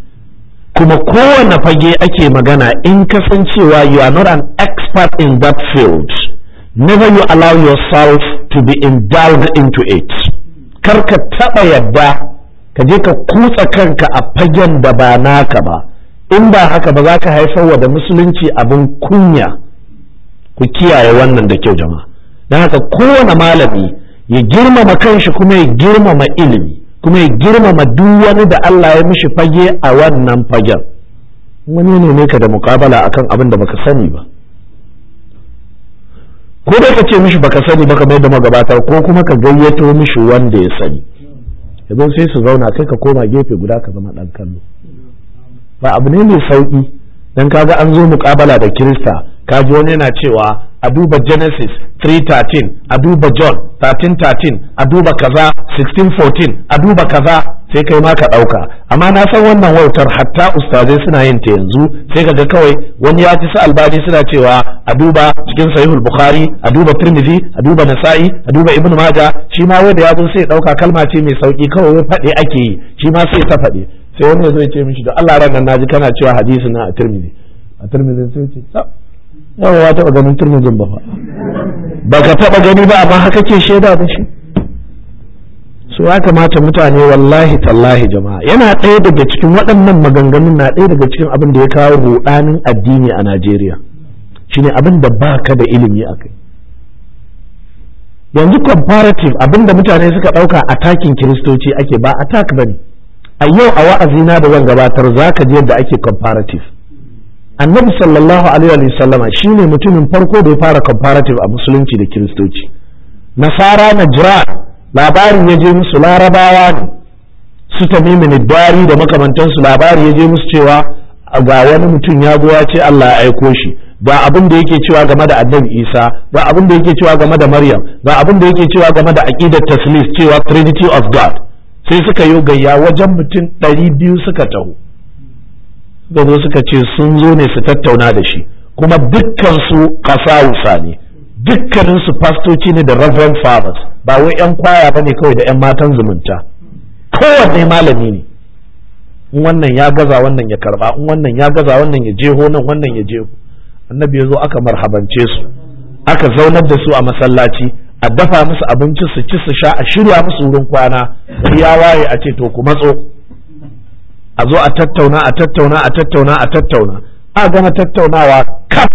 kuma kowane fage ake magana in kasancewa you are not an expert in that field never you allow yourself to be endowed into it kar ka taɓa yadda ka je ka kutsa kanka a fagen da ba naka ba in ba haka ba za ka haifar wa da musulunci abin kunya ku kiyaye wannan da kyau jama'a don haka kowane malami ya girmama kanshi kuma ya girmama ilimi kuma ya girmama duk wani da Allah ya mishi fage a wannan fagen wani ne ne ka da mukabala akan abin da baka sani ba ko da ka ce mishi baka sani baka kamar da magabata ko kuma ka gayyato mishi wanda ya sani yanzu sai su zauna sai ka koma gefe guda ka zama ɗan kallo ba abu ne mai sauƙi dan kaga an zo muƙabala da kirista kaji wani yana cewa a duba genesis 3:13 a duba john 13:13 a duba kaza 16:14 a duba kaza sai kai ma ka ɗauka amma na san wannan wautar hatta ustazai suna yin ta yanzu sai kaga kawai wani ya ci sa albani suna cewa a duba cikin sahihul bukhari a duba tirmidhi a duba nasa'i a duba ibn maja shi ma wanda ya zo sai ɗauka kalma ce mai sauki kawai faɗe ake yi shi ma sai ta faɗe sai wani ya zo ya ce mishi da Allah ranar naji kana cewa hadisi na a tirmidhi a tirmidhi sai ce yawa ya taɓa ganin turmijin ba ba ka taɓa gani ba amma haka ke shaida da shi su ya kamata mutane wallahi tallahi jama'a yana ɗaya daga cikin waɗannan maganganun na ɗaya daga cikin abin da ya kawo ruɗanin addini a najeriya shine abin da ba ka da ilimi a kai yanzu comparative abin da mutane suka ɗauka a takin kiristoci ake ba attack ba ne a yau a wa'azina da zan gabatar za ka ji yadda ake comparative annabi sallallahu alaihi shi shine mutumin farko da ya fara comparative a musulunci da kiristoci nasara na jira labarin ya je musu larabawa ne su ta dari da makamantansu labari ya je musu cewa ga wani mutum ya zo ce Allah ya aiko shi Ba abin da yake cewa game da annabi Isa ba abin da yake cewa game da Maryam ba abin da yake cewa game da aqidar taslis cewa trinity of god sai suka yi gayya wajen mutum ɗari biyu suka taho da zo suka ce sun zo ne su tattauna da shi kuma dukkan su kasawusa ne dukkanin su fastoci ne da reverend fathers ba wai yan kwaya bane kawai da yan matan zumunta kowanne malami ne in wannan ya gaza wannan ya karba in wannan ya gaza wannan ya jeho nan wannan ya jeho annabi ya zo aka marhabance su aka zaunar da su a masallaci a dafa musu abinci su ci su sha a shirya musu wurin kwana ya waye a ce to ku matso a zo a tattauna a tattauna a tattauna a tattauna a gama tattaunawa kaf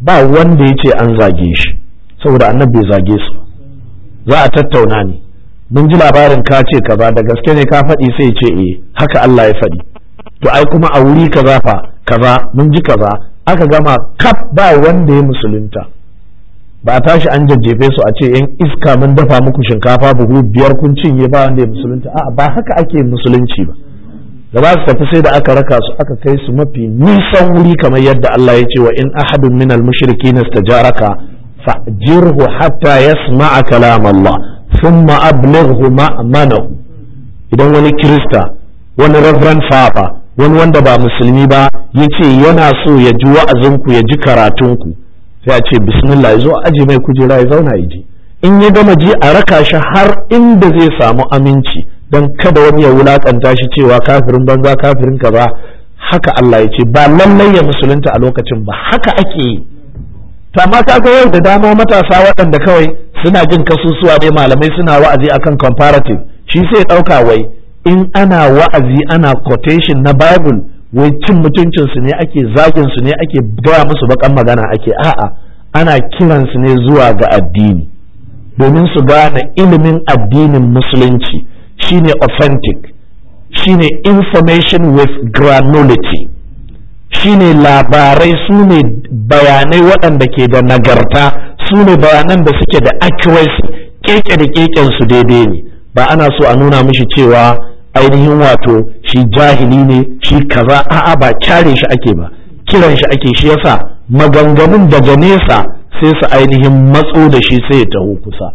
ba wanda ya ce an zage shi saboda annabi bai zage su za a tattauna ne mun ji labarin ka ce kaza da gaske ne ka faɗi sai ce eh haka Allah ya faɗi to ai kuma a wuri kaza fa kaza mun ji kaza aka gama kaf ba wanda ya musulunta ba a tashi an jajjefe su a ce yan iska mun dafa muku shinkafa buhu biyar kun cinye ba wanda ya musulunta a'a ba haka ake musulunci ba da za su tafi sai da aka raka su aka kai su mafi nisan wuri kamar yadda Allah ya ce wa in ahadun minal mushriki istajaraka fa'jirhu hatta yasma'a kalam Allah thumma ablighu ma'manahu idan wani kirista wani reverend fafa wani wanda ba musulmi ba ya ce yana so ya ji wa'azinku ya ji karatunku sai a ce bismillah zo aji mai kujera ya zauna yaji in ya gama ji a raka shi har inda zai samu aminci don kada wani ya wulakanta shi cewa kafirin banza kafirin ka ba haka Allah ya ce ba lallai ya musulunta a lokacin ba haka ake yi ma ka ga yau da dama matasa waɗanda kawai suna jin kasusuwa ne malamai suna wa'azi akan comparative shi sai ɗauka wai in ana wa'azi ana quotation na bible wai cin mutuncin su ne ake zagin su ne ake gaya musu bakan magana ake a'a ana kiran su ne zuwa ga addini domin su gane ilimin addinin musulunci shine authentic shine information with granularity shine labarai su ne bayanai waɗanda ke da nagarta su ne bayanan da suke da accuracy keke da keken su daidai ne ba ana so a nuna mishi cewa ainihin wato shi jahili ne shi kaza a'a ba kyare shi ake ba kiran shi ake shi yasa maganganun daga nesa sai su ainihin matso da shi sai ya taho kusa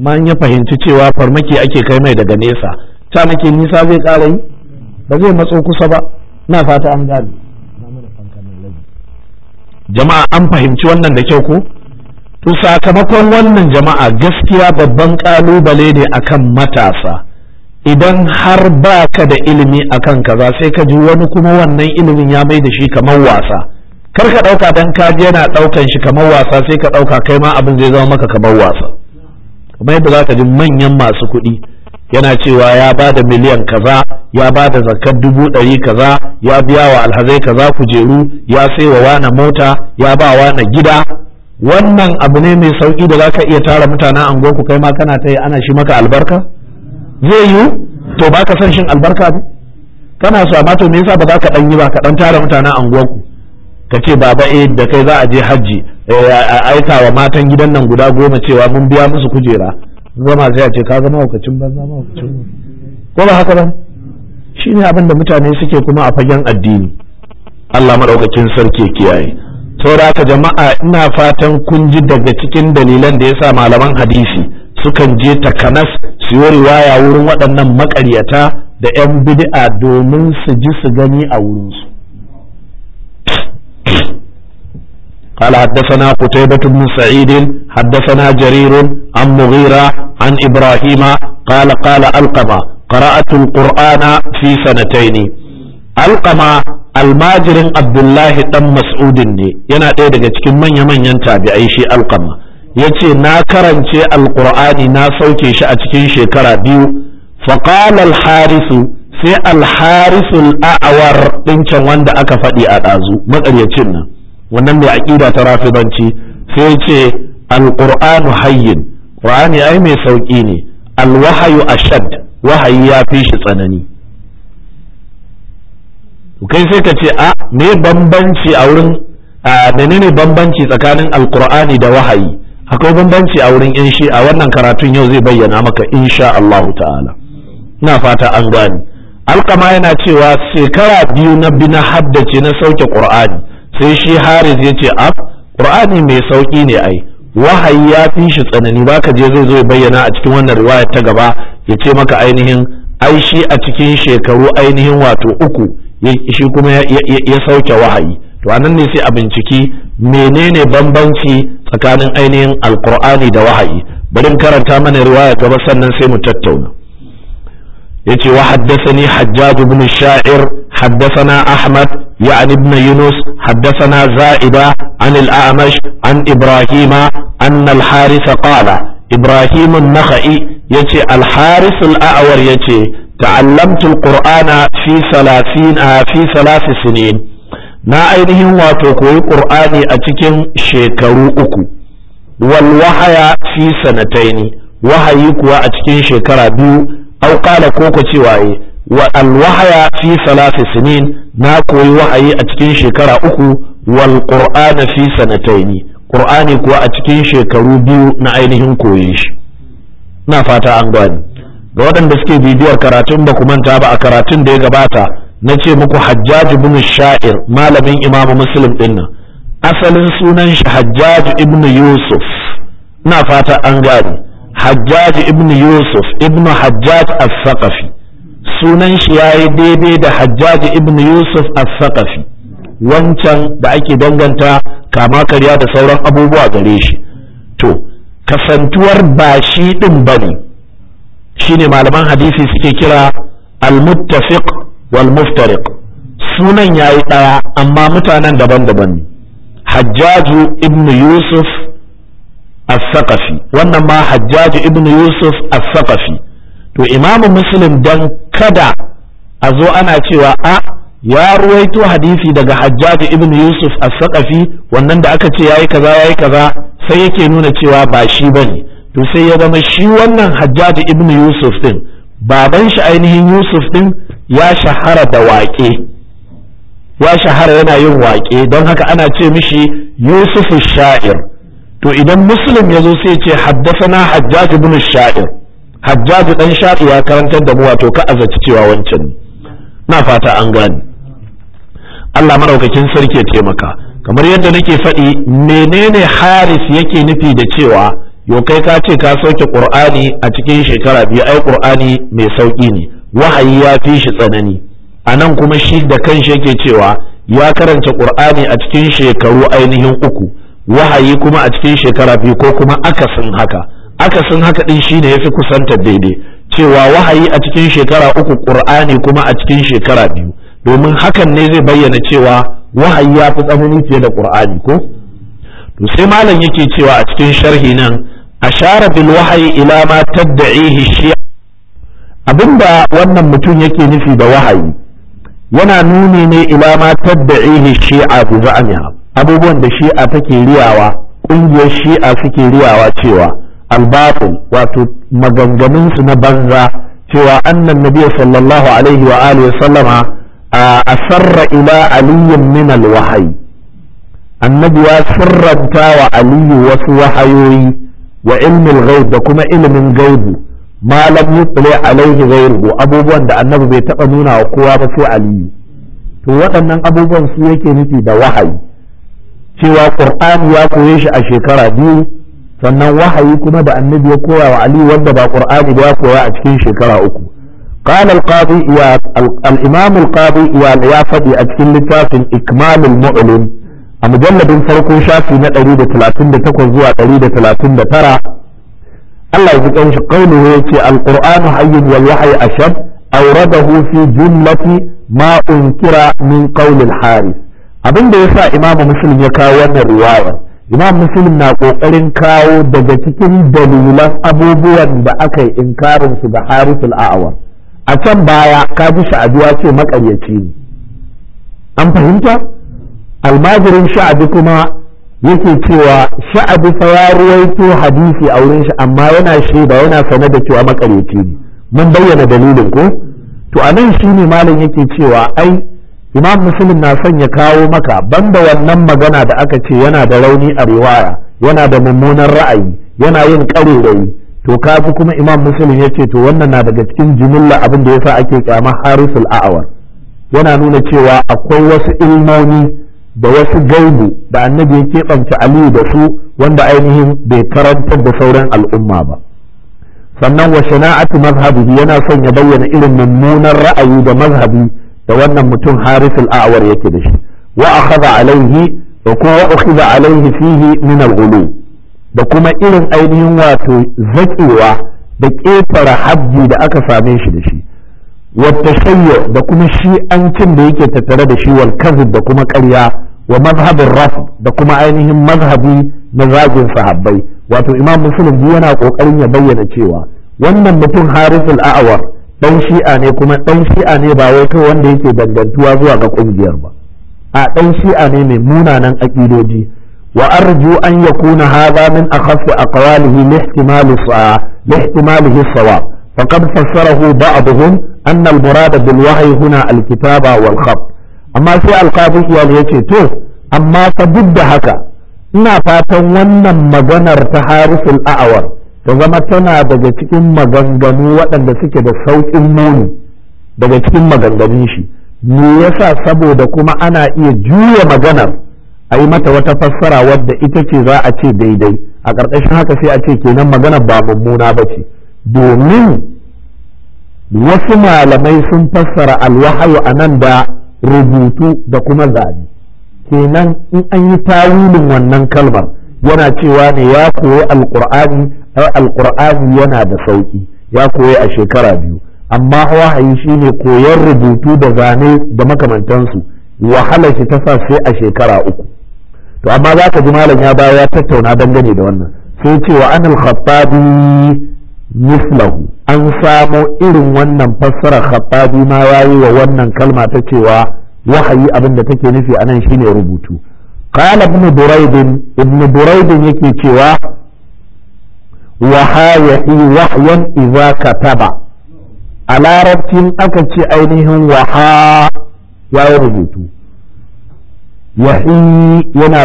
amma in ya fahimci cewa farmaki ake kai mai daga nesa ta nake nisa zai ƙara yi ba zai matso kusa ba na fata an gane jama'a an fahimci wannan da kyau ko to sakamakon wannan jama'a gaskiya babban kalubale ne akan matasa idan har ba ka da ilimi akan kaza sai ka ji wani kuma wannan ilimin ya mai da shi kamar wasa kar ka ɗauka dan kaji yana ɗaukan shi kamar wasa sai ka ɗauka kai ma abin zai zama maka kamar wasa kuma yadda za ka ji manyan masu kuɗi yana cewa ya ba da miliyan kaza ya ba da zakar dubu ɗari kaza ya biya wa alhazai kaza kujeru ya sai wana mota ya ba wana gida wannan abu ne mai sauki da za ka iya tara mutanen anguwar ku kai ma kana ta yi ana shi maka albarka zai yiwu to ba ka son shin albarka ne kana so amma to me yasa ba za ka ɗan yi ba ka ɗan tara mutanen anguwar ku ka ce baba eh da kai za a je hajji eh, a aika wa matan gidan nan guda goma cewa mun biya musu kujera zama sai a ce ka zama hukacin ba zama hukacin ko ba haka ba shine abin da mutane suke kuma a fagen addini Allah madaukakin sarki kiyaye saboda jama'a ina fatan kun ji daga cikin dalilan da yasa malaman hadisi sukan je takanas su yi riwaya wurin waɗannan maƙaryata da 'yan bid'a domin su ji su gani a wurinsu قال حدثنا قتيبة بن سعيد حدثنا جرير عن مغيرة عن إبراهيم قال قال ألقما قرأت القرآن في سنتين alkama almajirin abdullahi ɗan mas'udin ne yana ɗaya daga cikin manya-manyan tabi'ai shi alkama ya ce na karance alƙur'ani na sauke shi a cikin shekara biyu faƙal harisu sai alharisul a'awar ɗincan wanda aka faɗi a ɗazu maƙaryacin nan wannan mai aƙida ta rafibanci sai ya ce alƙur'anu hayyin ƙur'ani ai mai sauƙi ne alwahayu ashad wahayi ya fi shi tsanani kai sai ka ce a me bambanci a wurin a menene bambanci tsakanin alƙur'ani da wahayi akwai bambanci a wurin in shi a wannan karatun yau zai bayyana maka insha Allah ta'ala ina fata an gani alkama yana cewa shekara biyu na bi na haddace na sauke qur'ani sai shi haris ya ce a ah, qur'ani mai sauki ne ai wahayi ya fi shi tsanani baka je zai zo ya bayyana a cikin wannan riwaya ta gaba ya ce maka ainihin ai shi a cikin shekaru ainihin wato uku shi kuma ya sauke wahayi to anan ne sai a binciki menene bambanci tsakanin ainihin alkur'ani da wahayi bari karanta mana riwaya gaba sannan sai mu tattauna yace wa haddathani hajjaj ibn sha'ir haddathana ahmad ya'ni ibn yunus haddathana za'ida an al-a'mash an ibrahima an al-harith qala ibrahim an-nakhai yace al-harith al-a'war yace ta'allamtu al-qur'ana fi 30 fi 3 sinin na ainihin wato koyi qur'ani a cikin shekaru uku wal wahaya fi sanataini wahayi kuwa a cikin shekara biyu aw qala ko ku ce waye wa eh, alwahaya fi salasi sinin na koyi wahayi a cikin shekara uku wal qur'ana fi sanataini qur'ani kuwa a cikin shekaru biyu na ainihin koyi. shi na fata an gani ga waɗanda suke bibiyar karatun ba ku manta ba a karatun da ya gabata na ce muku hajjaj ibn sha'ir malamin imamu muslim din asalin sunan shi hajjaj ibn yusuf na fata an gani hajjaj Ibnu yusuf Ibnu hajjaj Asakafi sunan shi yayi daidai da hajjaji ibn yusuf Asakafi saqafi wancan da ake danganta kama karya da sauran abubuwa gare shi to kasantuwar ba shi din bane shine malaman hadisi suke kira al-muttafiq wal muftariq sunan yayi ɗaya amma mutanen daban-daban ne hajjaju ibn yusuf as-saqafi wannan ma hajjaj ibn yusuf as-saqafi to imamu muslim dan kada a zo ana cewa a ya ruwaito hadisi daga hajjaj ibn yusuf as-saqafi wannan da aka ce yayi kaza yayi kaza sai yake nuna cewa ba shi bane to sai ya zama shi wannan hajjaj ibn yusuf din baban shi ainihin yusuf din ya shahara da waƙe ya shahara yana yin waƙe don haka ana ce mishi yusuf sha'ir to idan muslim ya zo sai ce haddasana hajjaj ibn sha'ir hajjaj dan sha'ir ya karantar da mu wato ka azaci cewa wancan na fata an gane Allah maraukakin sarki ya taimaka kamar yadda nake faɗi menene haris yake nufi da cewa yo kai ka ce ka sauke qur'ani a cikin shekara biyu ai qur'ani mai sauki ne wahayi ya fi shi tsanani a nan kuma shi da kanshi yake cewa ya karanta qur'ani a cikin shekaru ainihin uku wahayi kuma a cikin shekara biyu ko kuma akasin haka akasin haka din shine yafi kusanta daidai cewa wahayi a cikin shekara uku qur'ani kuma a cikin shekara biyu domin hakan ne zai bayyana cewa wahayi ya fi tsanani fiye da qur'ani ko to sai malam yake cewa a cikin sharhi nan ashara bil wahayi ila ma tad'ihi shi'a abinda wannan mutum yake nufi da wahayi yana nuni ne ila ma tad'ihi shi'a bi za'miha abubuwan da shi'a take riyawa ƙungiyar shi'a suke riyawa cewa albabu wato maganganun su na banza cewa annan nabiya sallallahu alaihi wa alihi wa sallama a sarra ila aliyyin min alwahayi annabi ya sirranta wa aliyu wasu wahayoyi wa ilmin ghaib da kuma ilimin gaibu ma lam yutli alaihi ghairuhu abubuwan da annabi bai taba nuna wa kowa ba sai aliyu to waɗannan abubuwan su yake nufi da wahayi cewa qur'ani ya koye shi a shekara biyu sannan wahayi kuma da annabi ya koya wa ali wanda ba qur'ani ba ya koya a cikin shekara uku قال القاضي إياد الإمام القاضي إياد يا فدي أجل لتاف إكمال المعلم المجلد فرقو شافي نتريد ثلاثين تكون زوا تريد ثلاثين ترى الله يذكرش قوله القرآن حي والوحي أشد أورده في جملة ما أنكر من قول الحارث abin da ya sa imamu muslim ya kawo wannan riwayar imam muslim na kokarin kawo daga cikin dalilan abubuwan da aka yi inkarin su da harisul a'awa a can baya ka ji ce makaryaci ne an fahimta almajirin sha'abi kuma yake cewa sha'abi fa ya ruwaito hadisi a wurin shi amma yana shaida yana sane da cewa makaryaci ne mun bayyana dalilin ko to anan shine malam yake cewa ai imam muslim na son ya kawo maka banda wannan magana da aka ce yana da rauni a riwaya yana da mummunan ra'ayi yana yin ƙarerayi to kafi kuma imam muslim ya ce to wannan na daga cikin jimilla abin da yasa ake kyama harisul a'awar yana nuna cewa akwai wasu ilmomi da wasu gaibu da annabi ya keɓance aliyu da su wanda ainihin bai karantar da sauran al'umma ba sannan wa shana'atu mazhabihi yana son ya bayyana irin mummunan ra'ayi da mazhabi da wannan mutum harisul a'war yake da shi wa akhadha alaihi da kuma wa alaihi fihi min al da kuma irin ainihin wato zakewa da ƙetare habbi da aka same shi da shi wa tashayyu da kuma shi an cin da yake tattare da shi wal da kuma ƙarya wa mazhabin raf da kuma ainihin mazhabi na zagin sahabbai wato imam muslim yana kokarin ya bayyana cewa wannan mutum harisul a'war dan shi'a ne kuma dan shi'a ne ba wai kai wanda yake dangantuwa zuwa ga kungiyar ba a dan shi'a ne mai munanan aqidoji wa arju an yakuna hadha min akhaff aqwalihi li ihtimali li ihtimalihi sawab faqad fassarahu ba'dhum anna al-murad bil wahyi huna al-kitaba wal khat amma sai al-qadi yace to amma fa da haka ina fatan wannan maganar ta harisul a'awar ta zama tana daga cikin maganganu waɗanda suke da sauƙin muni daga cikin maganganun shi me yasa saboda kuma ana iya juya maganar a yi mata wata fassara wadda ita ce za a ce daidai a ƙarƙashin haka sai a ce kenan maganar ba mummuna ba ce domin wasu malamai sun fassara alwahayu a nan da rubutu da kuma zane kenan in an yi tawilin wannan kalmar yana cewa ne ya koyi alƙur'ani alqur'ani yana da sauƙi ya koya a shekara biyu amma wahayi shine koyon rubutu da zane da makamantansu wahala shi ta sa sai a shekara uku to amma za ka ji malam ya baya ya tattauna dangane da wannan sai ce wa anil khattabi mislahu an samo irin wannan fassara khattabi ma yayi wa wannan kalma ta cewa wahayi abin da take nufi anan shine rubutu qala ibn buraid ibn buraid yake cewa wahayatin wahayan iza ka taba a larabcin aka ce ainihin waha ya yi rubutu yahi yana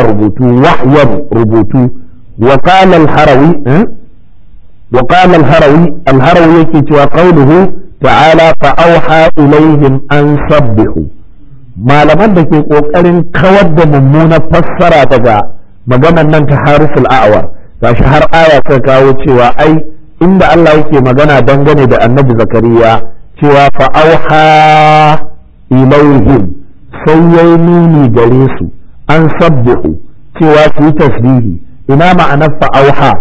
harawi alharawi yake cewa kauluhu ta'ala fa auha ilaihim an sabbihu malaman da ke kokarin kawar da mummunar fassara daga maganan nan ta harufin gashi har aya ta kawo cewa ai inda Allah yake magana dangane da annabi zakariya cewa fa auha ilaihim sai yayi nuni gare su an sabbihu cewa su yi tasbihi ina ma'anar fa auha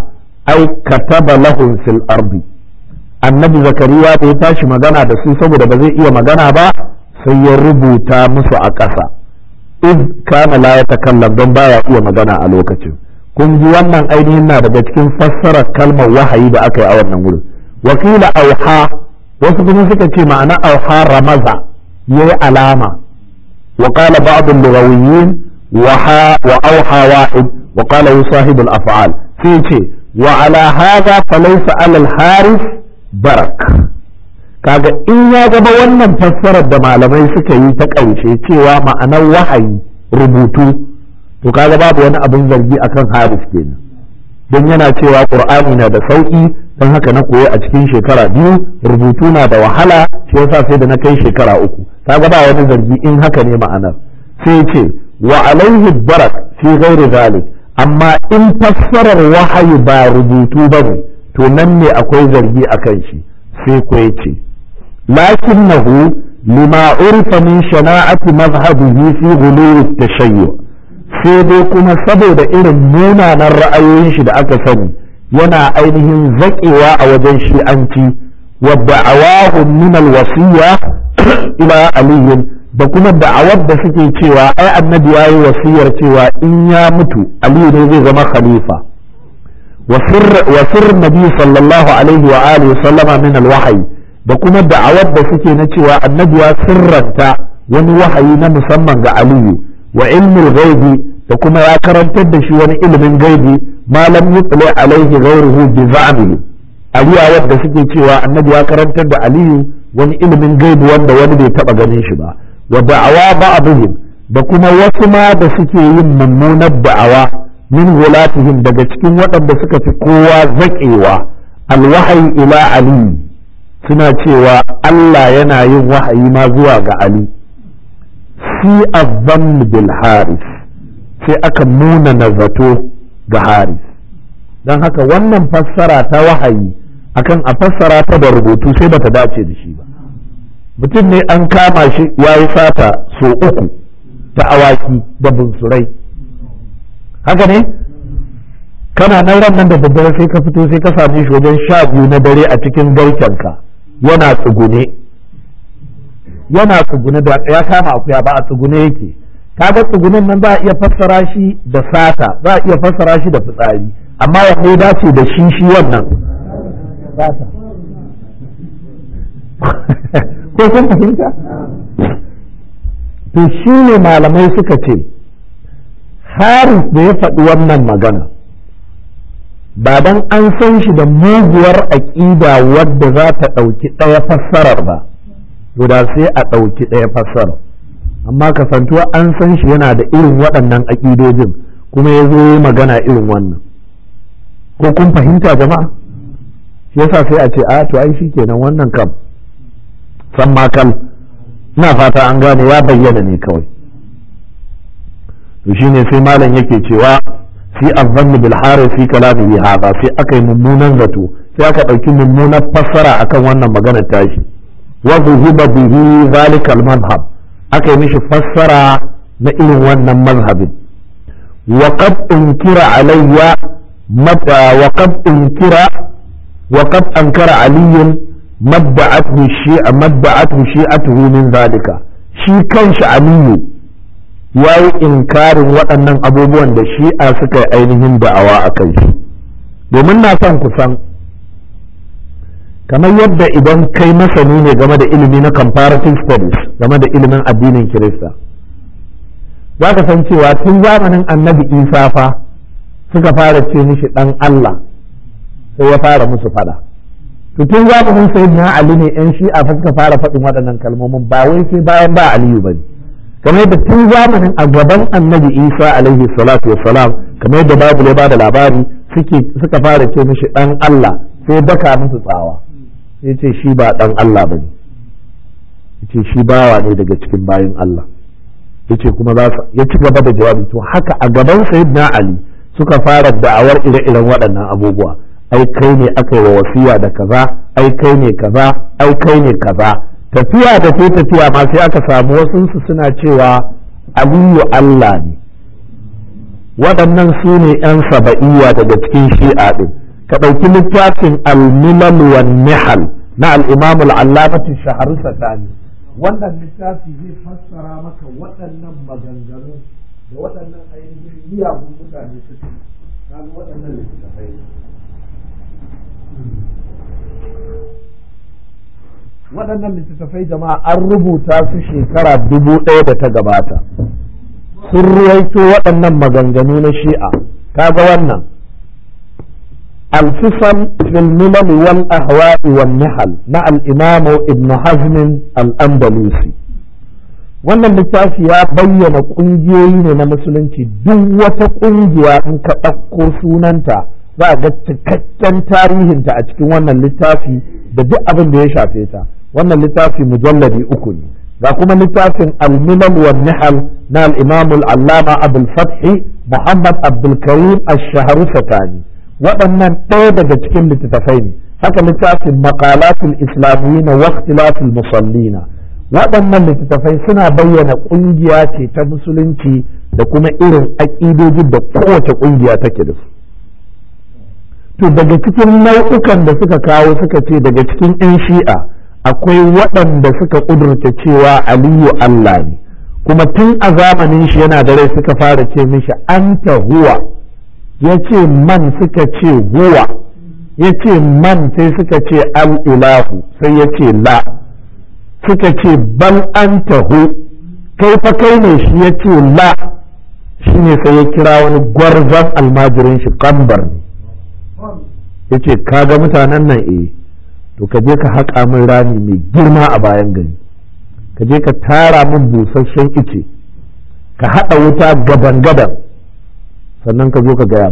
ai kataba lahum fil ardi annabi zakariya bai tashi magana da su saboda ba zai iya magana ba sai ya rubuta musu a ƙasa in kana la ya takallam don baya iya magana a lokacin kun ji wannan ainihin na daga cikin fassarar kalmar wahayi da aka yi a wannan wurin wakila auha wasu kuma suka ce ma'ana auha ramaza yayi alama wa qala ba'd al-lughawiyyin wa auha wa'id wa qala yusahibu al-af'al sai ce wa ala hadha falaysa ala al barak kaga in ya gaba wannan fassarar da malamai suka yi ta ƙarshe cewa ma'anar wahayi rubutu to kaga babu wani abin zargi akan harif kenan don yana cewa qur'ani na da sauki don haka na koyi a cikin shekara biyu rubutu na da wahala shi yasa sai da na kai shekara uku kaga ba wani zargi in haka ne ma'anar sai ce wa alaihi barak fi ghairi zalik amma in fassarar wahayi ba rubutu ba ne to nan ne akwai zargi akan shi sai ku ce lakinnahu lima urfa min shana'ati mazhabihi fi ghuluwi tashayyu sai dai kuma saboda irin munanan ra'ayoyin shi da aka sani yana ainihin zaƙewa a wajen shi an ci wadda awahu minal alwasiya ila aliyun da kuma da'awar da suke cewa ai annabi yayi wasiyar cewa in ya mutu aliyu ne zai zama khalifa wasir nabi sallallahu alaihi wa alihi sallama min alwahyi da kuma da'awar da suke na cewa annabi ya sirranta wani wahayi na musamman ga aliyu wa ilmin gaibi da kuma ya karantar da shi wani ilimin gaibi malam yutsule alaihi ghairuhu bi za'mihi aliya wadda suke cewa annabi ya karantar da aliyu wani ilimin gaibi wanda wani bai taba ganin shi ba wa da'awa ba'dhum da kuma wasu ma da suke yin mummunar da'awa min gulatihim daga cikin waɗanda suka fi kowa zaƙewa alwahayi ila ali suna cewa Allah yana yin wahayi ma zuwa ga ali su'i azzan bil haris sai aka nuna nazato ga haris don haka wannan fassara ta wahayi akan a fassara ta da rubutu sai bata dace da shi ba mutum ne an kama shi ya yi sata so uku ta awaki da bunsurai haka ne kana nan ran nan da daddare sai ka fito sai ka same shi wajen sha biyu na dare a cikin garkenka yana tsugune yana tsugune da ya kama akuya ba a tsugune yake kaga tsugunin nan za a iya fassara shi da sata za a iya fassara shi da fitsari amma ya ne dace da shi shi wannan [laughs] ko kun fahimta to shi ne malamai suka ce harin da ya faɗi wannan magana ba dan an san shi da muguwar aƙida wadda za ta ɗauki ɗaya fassarar ba guda sai a ɗauki ɗaya fassara amma kasantuwa an san shi yana da irin waɗannan aƙidojin kuma ya zo yi magana irin wannan ko kun fahimta jama'a shi yasa sai a ce a ah, to ai shi kenan wannan kam san ma na fata an gane ya bayyana ne kawai to shi ne sai malam yake cewa fi azzanni bil harisi kalamihi hadha sai aka yi mummunan zato sai aka ɗauki mummunan fassara akan wannan maganar tashi wa zuhiba bihi zalikal madhhab aka yi mishi fassara na irin wannan mazhabin wa qad unkira alayya mata wa qad unkira wa qad aliyun madda'athu shi'a madda'athu zalika shi kanshi aliyu yayi inkarin waɗannan abubuwan da shi'a suka yi ainihin da'awa a kai domin na son kusan kamar yadda idan kai masani ne game da ilimi na comparative studies game da ilimin addinin kirista za ka san cewa tun zamanin annabi isa fa suka fara ce mishi dan allah sai ya fara musu fada tun zamanin sai na ali ne yan shi'a fa suka fara faɗin waɗannan kalmomin ba wai sai bayan ba aliyu ba ne kamar yadda tun zamanin a gaban annabi isa alaihi salatu wa salam kamar yadda babu ya ba da labari suka fara ce mishi dan allah sai daka musu tsawa ya ce shi ba dan Allah bane ce shi bawa ne daga cikin bayin Allah yace kuma za su ya ci gaba da jawabi to haka a gaban sayyidina Ali suka fara da'awar ire-iren waɗannan abubuwa ai kai ne aka yi wa wasiya da kaza ai kai ne kaza ai kai ne kaza tafiya da ke tafiya ma sai aka samu wasu su suna cewa aliyu Allah ne waɗannan su ne 'yan saba'iya daga cikin shi'a ɗin ka littafin al na al-imam al-allamati waɗannan littattafai jama'a an rubuta su shekara dubu ɗaya da ta gabata sun ruwaito waɗannan maganganu na shi'a kaga wannan الفصل في الملل والأهواء والنحل مع الإمام ابن حزم الأندلسي wannan littafi ya bayyana ƙungiyoyi ne na musulunci duk wata ƙungiya in ka ɗauko sunanta za a ga cikakken tarihinta a cikin wannan littafi da duk abin da ya shafe ta wannan littafi mujalladi uku ne ga kuma littafin al-milal wa nihal na al imamul allama abul fathi muhammad abdul karim ash waɗannan ɗaya daga cikin littattafai ne haka littafin makalatul islamiyina na waktilatul musallina waɗannan littattafai suna bayyana ƙungiya ce ta musulunci da kuma irin aƙidojin da kowace ƙungiya take da su to daga cikin nau'ukan da suka kawo suka ce daga cikin 'yan shi'a akwai waɗanda suka ƙudurta cewa aliyu Allah ne kuma tun a zamanin shi yana da rai suka fara ce mishi anta huwa ya ce man suka ce huwa ya ce man sai suka ce al'ilahu sai ya ce la suka ce bal an taho kai fa kai ne shi ya ce la shi ne sai ya kira wani gwarzon almajirin shi kambar ne ya ce ga mutanen nan eh to ka je ka haƙa min rami mai girma a bayan gari ka je ka tara min busasshen ice ka haɗa wuta gaban-gaban sannan ka zo ka gaya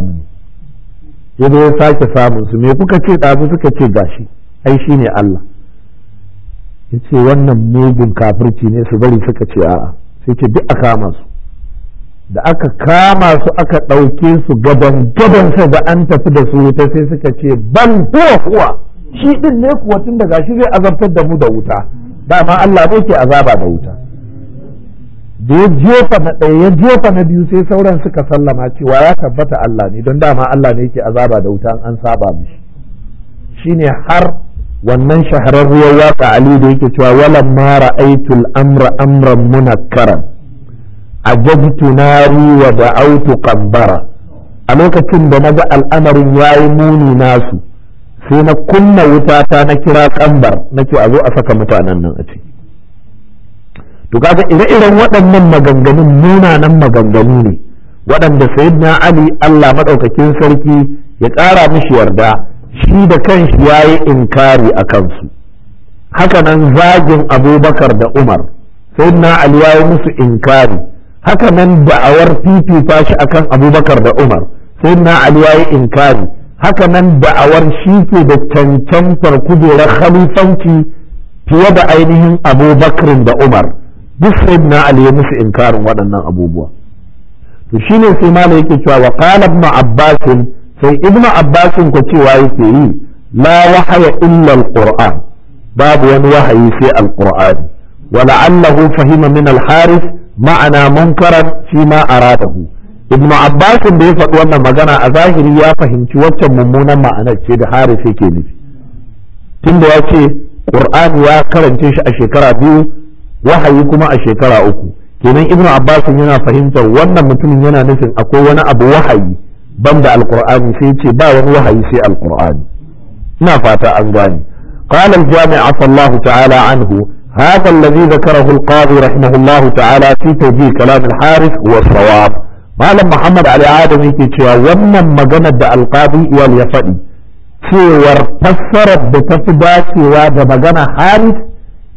mini ya ya sake samun su me kuka ce ɗazu suka ce gashi ai shi ne Allah ya ce wannan mugun kafirci ne su bari suka ce a'a sai ce duk a kama su da aka kama su aka ɗauke su gaban gaban sai da an tafi da su wuta sai suka ce ban kuwa shi ɗin ne kuwa tun da gashi zai azabtar da mu da wuta dama Allah ne ke azaba da wuta da ya jefa na ɗaya ya jefa na biyu sai sauran suka sallama cewa ya tabbata Allah ne don dama Allah ne yake azaba da wuta an saba mishi shine har wannan shahararriyar waka Ali da yake cewa walan mara aitul amra amran munakkaran ajabtu nari wa da'awtu qambara a lokacin da naga al'amarin yayi muni nasu sai na kunna wuta ta na kira kambar nace a zo a saka mutanen nan a ciki to kaga ire-iren waɗannan maganganun munanan maganganu ne waɗanda sayyidina ali Allah maɗaukakin sarki ya ƙara mishi yarda shi da kanshi ya yi inkari a kansu hakanan zagin abubakar da umar sayyidina ali ya yi musu inkari hakanan da'awar fifita shi akan abubakar da umar sayyidina ali ya yi inkari hakanan da'awar shi ke da cancantar kujerar khalifanci fiye da ainihin abubakar da umar duk na ali ya musu inkarin waɗannan abubuwa to shine sai mala yake cewa wa qala ibn abbas sai ibn abbas ko cewa yake yi la wahaya illa alquran babu wani wahayi sai alquran wa la'allahu fahima min alharis ma'ana munkaran fi ma aradahu ibn abbas da ya faɗi wannan magana a zahiri ya fahimci waccan mummunan ma'anar ce da haris yake nufi tunda ya ce qur'ani ya karance shi a shekara biyu wahayi kuma a shekara uku kenan ibnu abbas yana fahimtar wannan mutumin yana nufin akwai wani abu wahayi banda alqur'ani sai ce ba wani wahayi sai alqur'ani ina fata an gane قال الجامع عفى الله تعالى عنه هذا الذي ذكره القاضي رحمه الله تعالى في توجيه كلام الحارث هو malam muhammad ali adam yake cewa wannan maganar da alqadi iwal ya faɗi cewar fassarar da ta fi dacewa da magana haris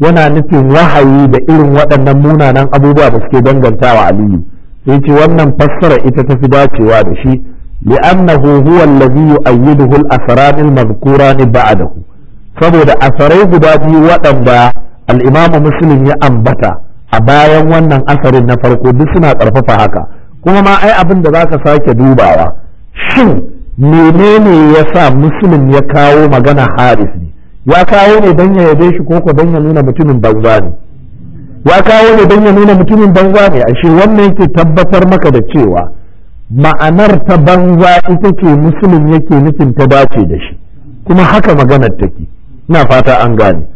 yana nufin wahayi da irin waɗannan munanan abubuwa da suke dangantawa aliyu sai ce wannan fassara ita ta fi dacewa da shi li'annahu huwa allazi yu'ayyiduhu al-asran al-madhkuran ba'dahu saboda asarai guda biyu waɗanda al-imam muslim ya ambata a bayan wannan asarin na farko duk suna ƙarfafa haka kuma ma ai abin da zaka sake dubawa shin menene yasa muslim ya kawo magana haris ya kawo ne don ya yabe shi koko don ya nuna mutumin banza ne ya kawo ne don ya nuna mutumin banza ne ashe wannan yake tabbatar maka da cewa ma'anar ta banza ita ce musulun yake nufin ta dace da shi kuma haka maganar take ina fata an gane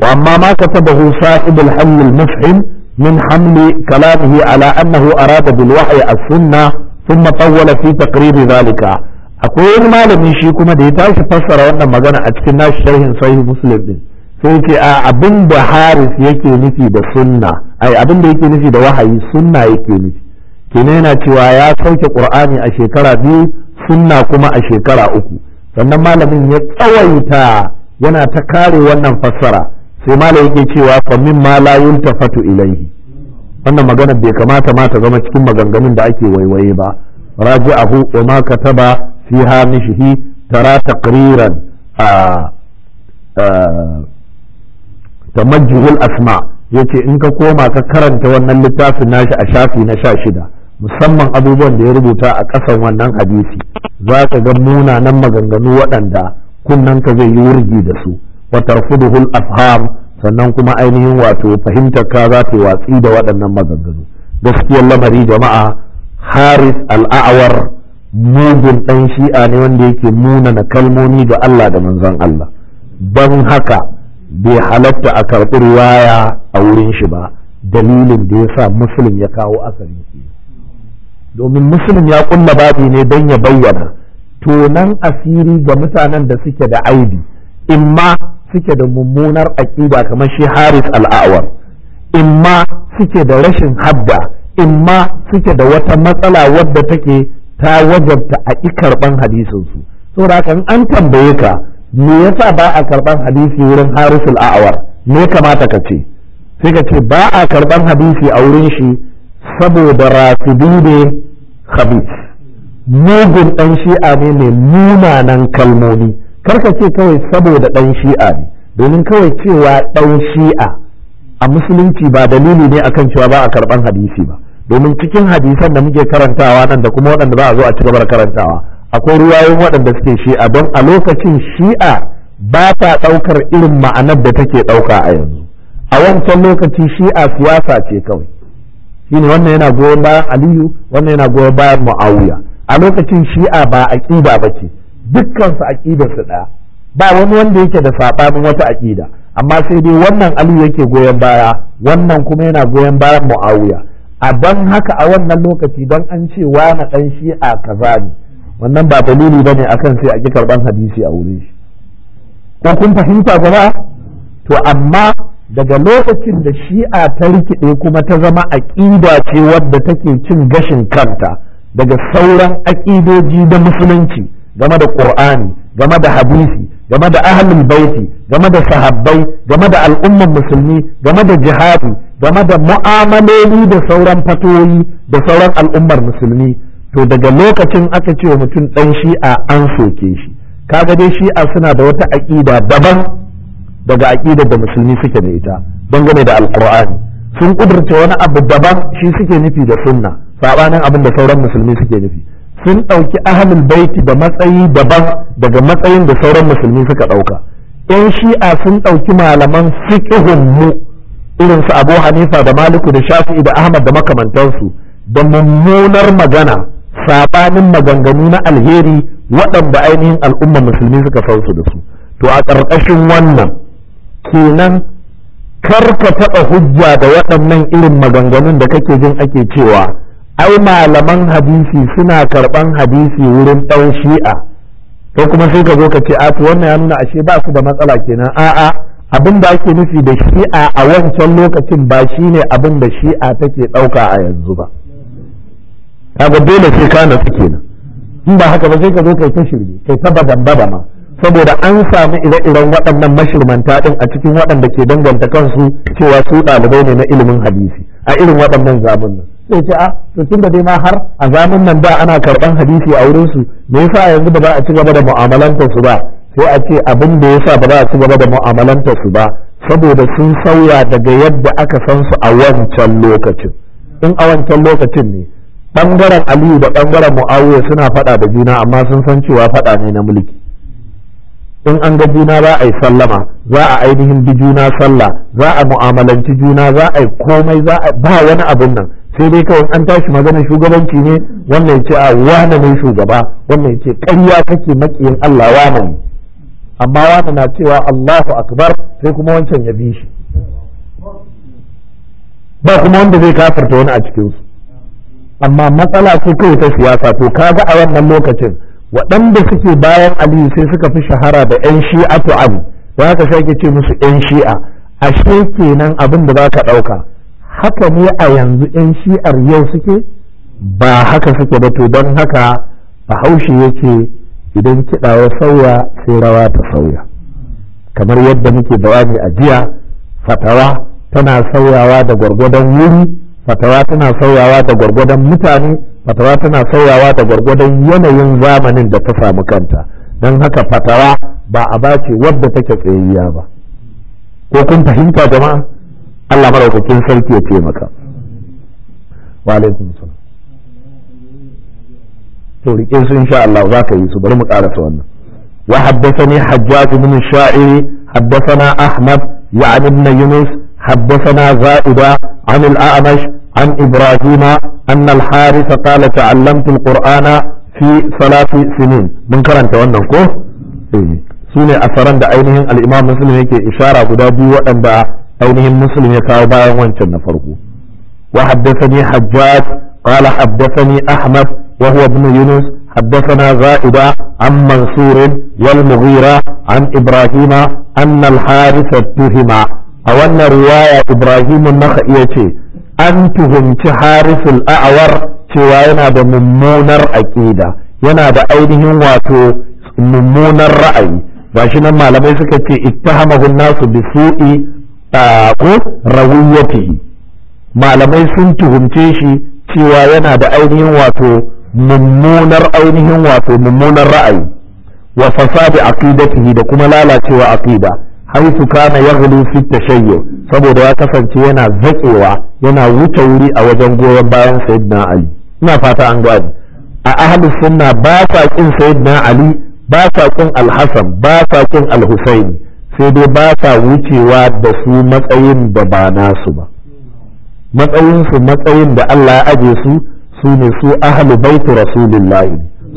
wa amma ma katabahu sa'ibul hamil mufhim min hamli kalamihi ala annahu arada bil wahyi as-sunnah ثم طول fi تقرير zalika akwai wani malamin shi kuma da ya tashi fassara wannan magana a cikin nashi sharhin sahih muslim din sai ce a abin da haris yake nufi da sunna ai abin da yake nufi da wahayi sunna yake nufi kenan yana cewa ya sauke qur'ani a shekara biyu sunna kuma a shekara uku sannan malamin ya tsawaita yana ta kare wannan fassara sai malam yake cewa fa min ma la yuntafatu ilayhi wannan magana bai kamata ma ta zama cikin maganganun da ake waiwaye ba raji'ahu wa ma kataba fi hamishihi tara taqriran tamajjuhul asma yace in ka koma ka karanta wannan littafin nashi a shafi na sha shida musamman abubuwan da ya rubuta a ƙasan wannan hadisi za ka ga munanan maganganu waɗanda kunnen ka zai yi wurgi da su wa tarfuduhul afham sannan kuma ainihin wato fahimtar ka za ta watsi da waɗannan maganganu gaskiyar lamari jama'a haris al'awar mugun ɗan shi'a ne wanda yake munana kalmomi ga Allah da manzon Allah don haka bai halatta a karɓi riwaya a wurin shi ba dalilin da ya sa musulun ya kawo asalin shi domin musulun ya ƙulla babi ne don ya bayyana tonan asiri ga mutanen da suke da aibi imma suke da mummunar aƙida kamar shi haris al'awar imma suke da rashin habda imma suke da wata matsala wadda take ta wajabta a ƙi karɓan hadisinsu saboda haka an tambaye ka me yasa ba a karɓan hadisi wurin harisul a'awar me kamata ka ce sai ka ce ba a karɓan hadisi a wurin shi saboda rasidu ne habis mugun ɗan shi'a ne mai munanan kalmomi karka ce kawai saboda ɗan shi'a ne domin kawai cewa ɗan shi'a a musulunci ba dalili ne akan cewa ba a karɓan hadisi ba domin cikin hadisan da muke karantawa nan da kuma waɗanda za a zo a ci gaba karantawa akwai ruwayoyin waɗanda suke shi'a don a lokacin shi'a ba ta ɗaukar irin ma'anar da take ɗauka a yanzu a wancan lokaci shi'a siyasa ce kawai shine wannan yana goyon bayan aliyu wannan yana goyon bayan mu'awiya a lokacin shi'a ba aƙida ba ce dukkansu su ɗaya ba wani wanda yake da saɓanin wata aƙida amma sai dai wannan aliyu yake goyon baya wannan kuma yana goyon bayan mu'awiya a ban haka a wannan lokaci don an ce wa na dan shi'a kaza ne wannan ba dalili ba ne a kan sai a ƙi karban hadisi a wurin shi ko kun fahimta ba to amma daga lokacin da shi'a ta rikide kuma ta zama aƙida ce wadda take cin gashin kanta daga sauran aƙidoji da musulunci game da ƙur'ani game da hadisi game da ahalin baiti game da sahabbai game da al'umman musulmi game da jihadi game da mu'amaloli da sauran fatoyi da sauran al'ummar musulmi to daga lokacin aka ce wa mutum ɗan shi'a an soke shi kaga dai shi'a suna da wata aƙida daban daga aƙida da musulmi suke da ita dangane da alƙur'ani sun ƙudurce wani abu daban shi suke nufi da sunna saɓanin abin da sauran musulmi suke nufi sun ɗauki ahlul baiti da matsayi daban daga matsayin da sauran musulmi suka ɗauka yan shi'a sun ɗauki malaman fiƙihun mu irin su Abu Hanifa da Maliku da Shafi'i da Ahmad da makamantansu da mummunar magana sabanin maganganu na alheri waɗanda ainihin al'umma musulmi suka su da su to a ƙarƙashin wannan kenan kar ka taɓa hujja da waɗannan irin maganganun da kake jin ake cewa ai malaman hadisi suna karɓan hadisi wurin ɗan shi'a to kuma sai ka zo ka ce a wannan ya nuna ashe ba su da matsala kenan a'a abin da ake nufi da shi'a a wancan lokacin ba shi ne abin da shi'a take ɗauka a yanzu ba kaga dole sai ka nasu kenan in ba haka ba sai ka zo kai ta shirme kai ta badan ma saboda an samu ire-iren waɗannan mashirmanta ɗin a cikin waɗanda ke danganta kansu cewa su ɗalibai ne na ilimin hadisi a irin waɗannan zamun sai ce a to tun da dai ma har a zamun nan da ana karɓan hadisi a wurin su me yasa yanzu ba za a ci gaba da mu'amalantar su ba ko a ce abin da ya sa ba za a ci gaba da mu'amalanta su ba saboda sun sauya daga yadda aka san su a wancan lokacin in a wancan lokacin ne bangaren aliyu da ɓangaren mu'awiya suna faɗa da juna amma sun san cewa faɗa ne na mulki in an ga juna za a yi sallama za a ainihin bi juna sallah za a mu'amalanci juna za a yi komai za a ba wani abin nan sai dai kawai an tashi magana shugabanci ne wannan ce a wane ne shugaba wannan ce ƙarya kake makiyin Allah wane ne amma wani na cewa Allahu akbar sai kuma wancan ya bi shi ba kuma wanda zai kafarta wani a cikin su amma matsala ce kawai ta siyasa to kaga a wannan lokacin waɗanda suke bayan aliyu sai suka fi shahara da 'yan shi'a to abu da haka sai ke ce musu 'yan shi'a ashe kenan abin da za ka ɗauka haka ne a yanzu 'yan shi'ar yau suke ba haka suke ba to don haka bahaushe ya ce idan kiɗa ya sauya sai rawa ta sauya kamar yadda muke bawani a jiya fatawa tana sauyawa da gwargwadon wuri fatawa tana sauyawa da gwargwadon mutane fatawa tana sauyawa da gwargwadon yanayin zamanin da ta samu kanta don haka fatawa ba a bace wadda take tsayayya ba ko kun fahimta jama'a Allah maraukakin sarki ya taimaka wa alaikum salam to rike su insha Allah za ka yi su bari mu karasa wannan wa haddathani hajjaj ibn sha'iri haddathana ahmad ya'ni ibn yunus haddathana za'ida an al-a'mash an ibrahima anna al-harith qala ta'allamtu al-qur'ana fi salati sinin mun karanta wannan ko eh, su ne asaran da ainihin al'imam muslim yake ishara guda biyu waɗanda ainihin muslim ya kawo bayan wancan na farko wa haddathani hajjaj qala haddathani ahmad وهو ابن يونس حدثنا زائدة عن منصور والمغيرة عن إبراهيم أن الحارث اتهم أو أن رواية إبراهيم ce an تهمت حارث الأعور cewa da mummunar aƙida yana da ainihin wato mummunar ra'ayi gashi nan malamai suka ce ittahamahu nasu bi su'i ko malamai sun tuhumce shi cewa yana da ainihin wato mummunar ainihin wato mummunar ra'ayi wa fasadi aqidatihi da kuma lalacewa aqida haisu kana yaghlu fi tashayyu saboda ya kasance yana zakewa yana wuce wuri a wajen goyon bayan sayyidina ali ina fata an gani a ahlus sunna ba sa kin sayyidina ali ba sa kin al ba sa kin al sai dai ba sa wucewa da su matsayin da ba nasu ba matsayin su matsayin da Allah ya aje su su ne su ahlu baitu rasulillahi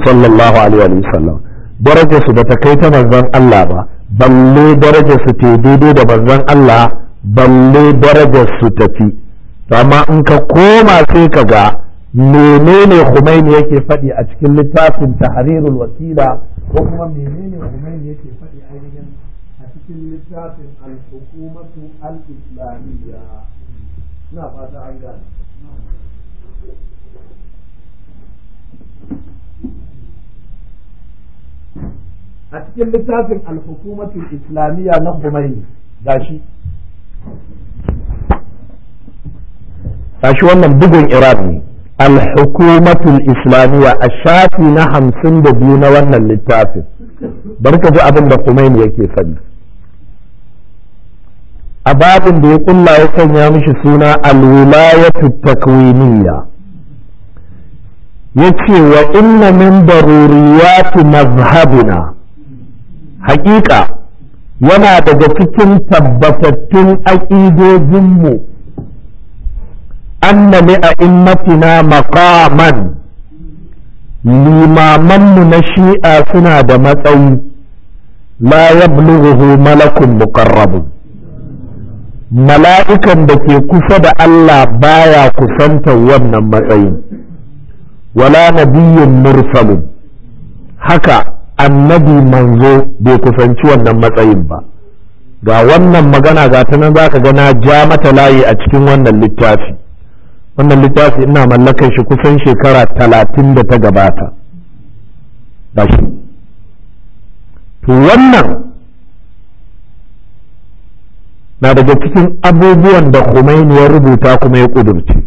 sallallahu alaihi wa sallam daraja su bata kai ta manzon Allah ba balle daraja su te daidai da manzon Allah balle daraja su tafi amma in ka koma sai ka ga menene Khomeini yake faɗi a cikin littafin tahrirul wasila ko kuma menene Khomeini yake faɗi a ainihin a cikin littafin al-hukumatu al-islamiyya ina fata an gane a cikin littafin alhukumatul islamiyya na Khomeini gashi gashi wannan bugun Iran ne alhukumatul islamiyya a shafi na hamsin da biyu na wannan littafin barka ji abin da Khomeini yake faɗi a babin da ya kulla ya sanya mishi suna alwilayatul takwiniyya yace wa inna min daruriyati mazhabina haƙiƙa yana daga cikin tabbatattun aƙidojinmu anna a a'immatina maqaman limamanmu na shi'a suna da matsayi la yablughu malakun muqarrabun mala'ikan da ke kusa da Allah baya kusantar wannan matsayin wala nabiyyun mursalun haka annabi manzo bai kusanci wannan matsayin ba ga wannan magana ga ta nan zaka ga na ja mata layi a cikin wannan littafi wannan littafi ina mallakar shi kusan shekara talatin da ta gabata ba shi to wannan na daga cikin abubuwan da Khomeini ya rubuta kuma ya kudurce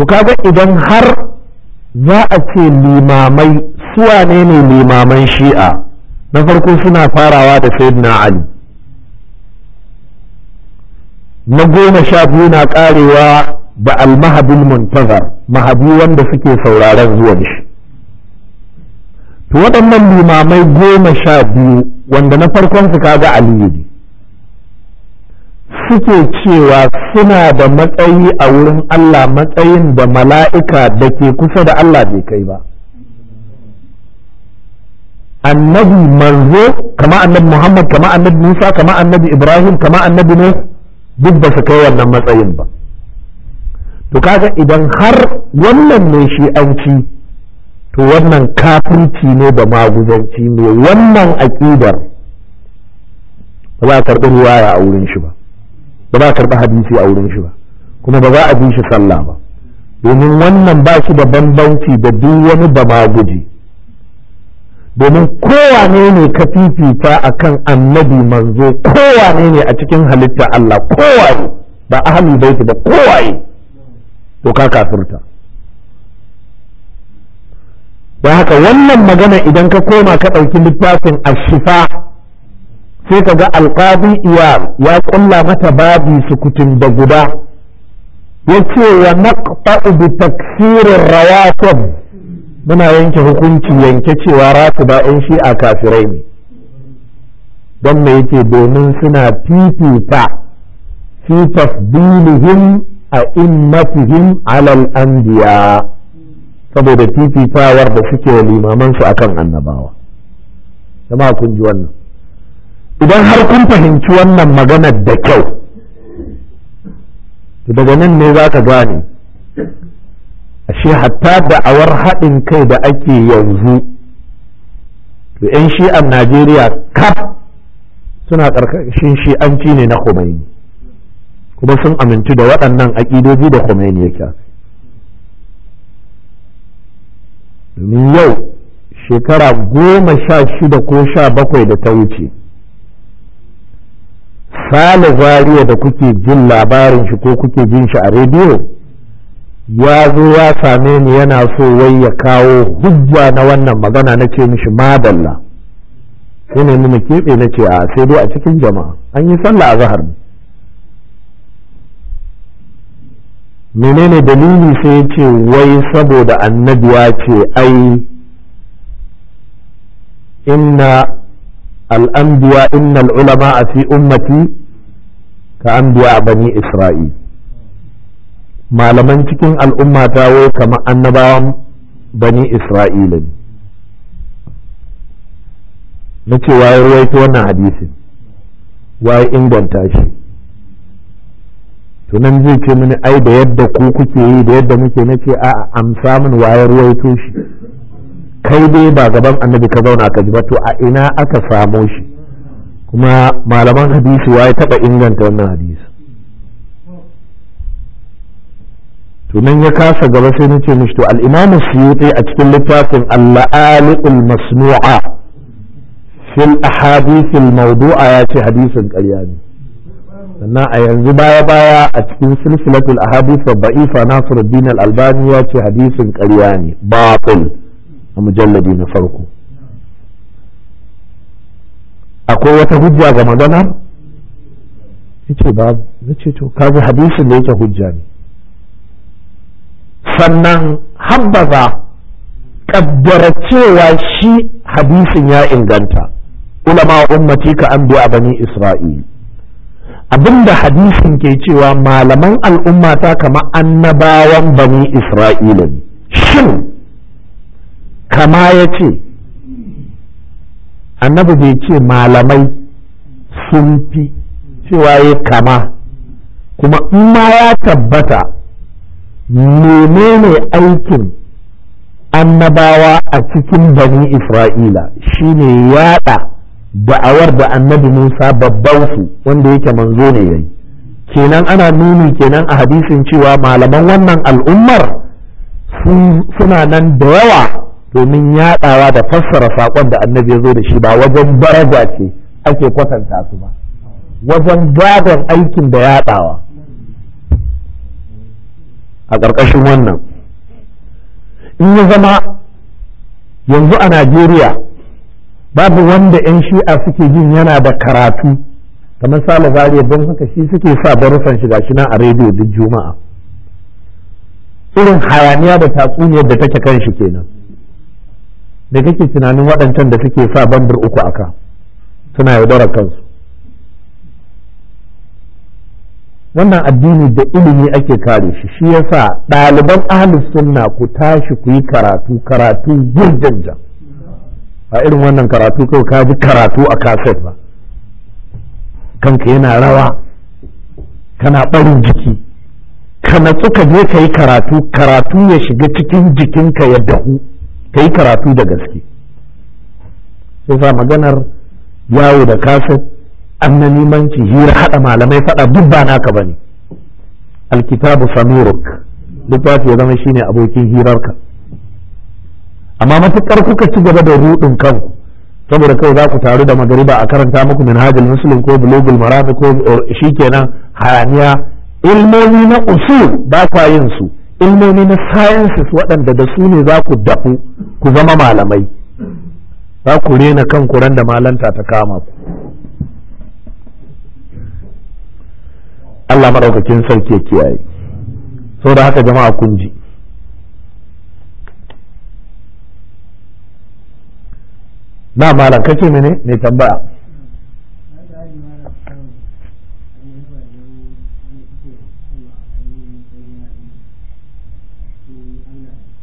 to kaga idan har za a ce limamai suwa ne ne limaman shi'a na farko suna farawa da sayyidina ali na goma sha biyu na karewa da almahabin muntazar mahabi wanda suke sauraron zuwan shi to waɗannan limamai goma sha biyu wanda na farkon su kaga aliyu ne suke cewa suna da matsayi a wurin Allah matsayin da mala'ika da ke kusa da Allah bai kai ba annabi manzo kama annabi Muhammad kama annabi Musa kama annabi Ibrahim kama annabi ne duk ba su kai wannan matsayin ba to kaga idan har wannan ne shi'anci to wannan kafirci ne da maguzanci ne wannan aƙidar ba za a karɓi ruwaya a wurin shi ba ba za a karɓi hadisi a wurin shi ba kuma ba za a bi shi sallah ba domin wannan ba shi da bambanci da duk wani ba guji domin kowane ne ka fifita a kan annabi manzo kowane ne a cikin halitta Allah kowane ba ahalin baiti ba kowaye to ka kafirta don haka wannan magana idan ka koma ka ɗauki littafin ashifa sai ka ga alƙadi iya ya ƙulla mata babi sukutin da guda ya ce wa naqta'u bi taksirin rawatan muna yanke hukunci yanke cewa rasu ba in shi a kafirai ne don me yake domin suna fifita fi tafdilihim a immatihim alal anbiya saboda fifitawar da suke limamansu akan annabawa jama'a kun ji wannan idan har kun fahimci wannan maganar da kyau daga nan ne za ka gane ashe hatta da awar haɗin kai da ake yanzu to 'yan shi'an najeriya kaf suna ƙarƙashin shi'anci ne na khomeini kuma sun amintu da waɗannan aƙidoji da khomeini yake domin yau shekara goma sha shida ko sha bakwai da ta wuce sale zariya da kuke jin labarin shi ko kuke jin shi a rediyo ya zo ya same ni yana so wai ya kawo hujja na wannan magana na ce mishi madalla sai ne keɓe na ce a sai dai a cikin jama'a an yi sallah a zahar menene dalili sai ya ce wai saboda annabi ya ce ai inna al'anbiya innal ulama a fi ummati ka anbiya bani isra'il malaman cikin al'ummata ta wai kamar annabawan bani isra'ila ne na cewa ya ruwaito wannan hadisin waye inganta shi tunan zai ce mini ai da yadda ku kuke yi da yadda muke nace ce a amsa min waye ruwaito shi kai dai ba gaban annabi ka zauna ka ji ba to a ina aka samo shi kuma malaman hadisi ya taba inganta wannan hadisi to nan ya kasa gaba sai nace mishi to al-Imam Suyuti a cikin littafin Al-La'aliqul Masnu'a fil ahadith al-mawdu'a ya ce hadisin ƙarya ne sannan a yanzu baya baya a cikin silsilatul ahadith ad-da'ifa Nasiruddin al-Albani ya ce hadisin ƙarya ne batil mujalladi na farko akwai wata hujja ga maganar yace babu nace to hadisin da yake hujja ne sannan habbaza kaddara cewa shi hadisin ya inganta ulama ummati ka an biya bani isra'il abinda hadisin ke cewa malaman al'ummata kamar annabawan bani isra'ila ne shin kama ya ce annabi bai ce malamai sun fi cewa ya kama kuma in ma ya tabbata menene aikin annabawa a cikin bani isra'ila shine yada da'awar da annabi musa babban su wanda yake manzo ne yayi kenan ana nuni kenan a hadisin cewa malaman wannan al'ummar suna nan da yawa domin yaɗawa da fassara saƙon da annabi ya zo da shi ba wajen baraja ce ake kwatanta su ba wajen gadon aikin da yaɗawa a ƙarƙashin wannan in ya zama yanzu a najeriya babu wanda 'yan shi'a suke jin yana da karatu kamar sale zariya don haka shi suke sa barusan shiga shi na a rediyo duk juma'a irin hayaniya da tatsuniyar da take kan shi kenan da kake tunanin waɗancan da suke sa bandar uku aka suna yaudarar kansu wannan addini da ilimi ake kare shi shi yasa ɗaliban ahlus sunna ku tashi ku yi karatu karatu jirjirjan a irin wannan karatu kawai ka ji karatu a kaset ba kanka yana rawa kana ɓarin jiki kana natsu je ka yi karatu karatu ya shiga cikin jikinka ya dahu ka yi karatu da gaske sai sa maganar yawo da kaset an na nimanci hira haɗa malamai faɗa duk ba naka ba ne alkitabu samiru littafi ya zama shine abokin hirarka amma matuƙar kuka ci gaba da ruɗin kanku saboda kawai za ku taru da magariba a karanta muku min minhajul musulun ko bulogul marafi ko kenan hayaniya ilmomi na usul ba kwa su ilmomi na sciences waɗanda da su ne za ku dafu ku zama malamai za ku rena kan kuran da malanta ta kama ku Allah maɗaukakin sarki ya kiyaye sau da haka jama'a kun ji na malam kake mene mai tambaya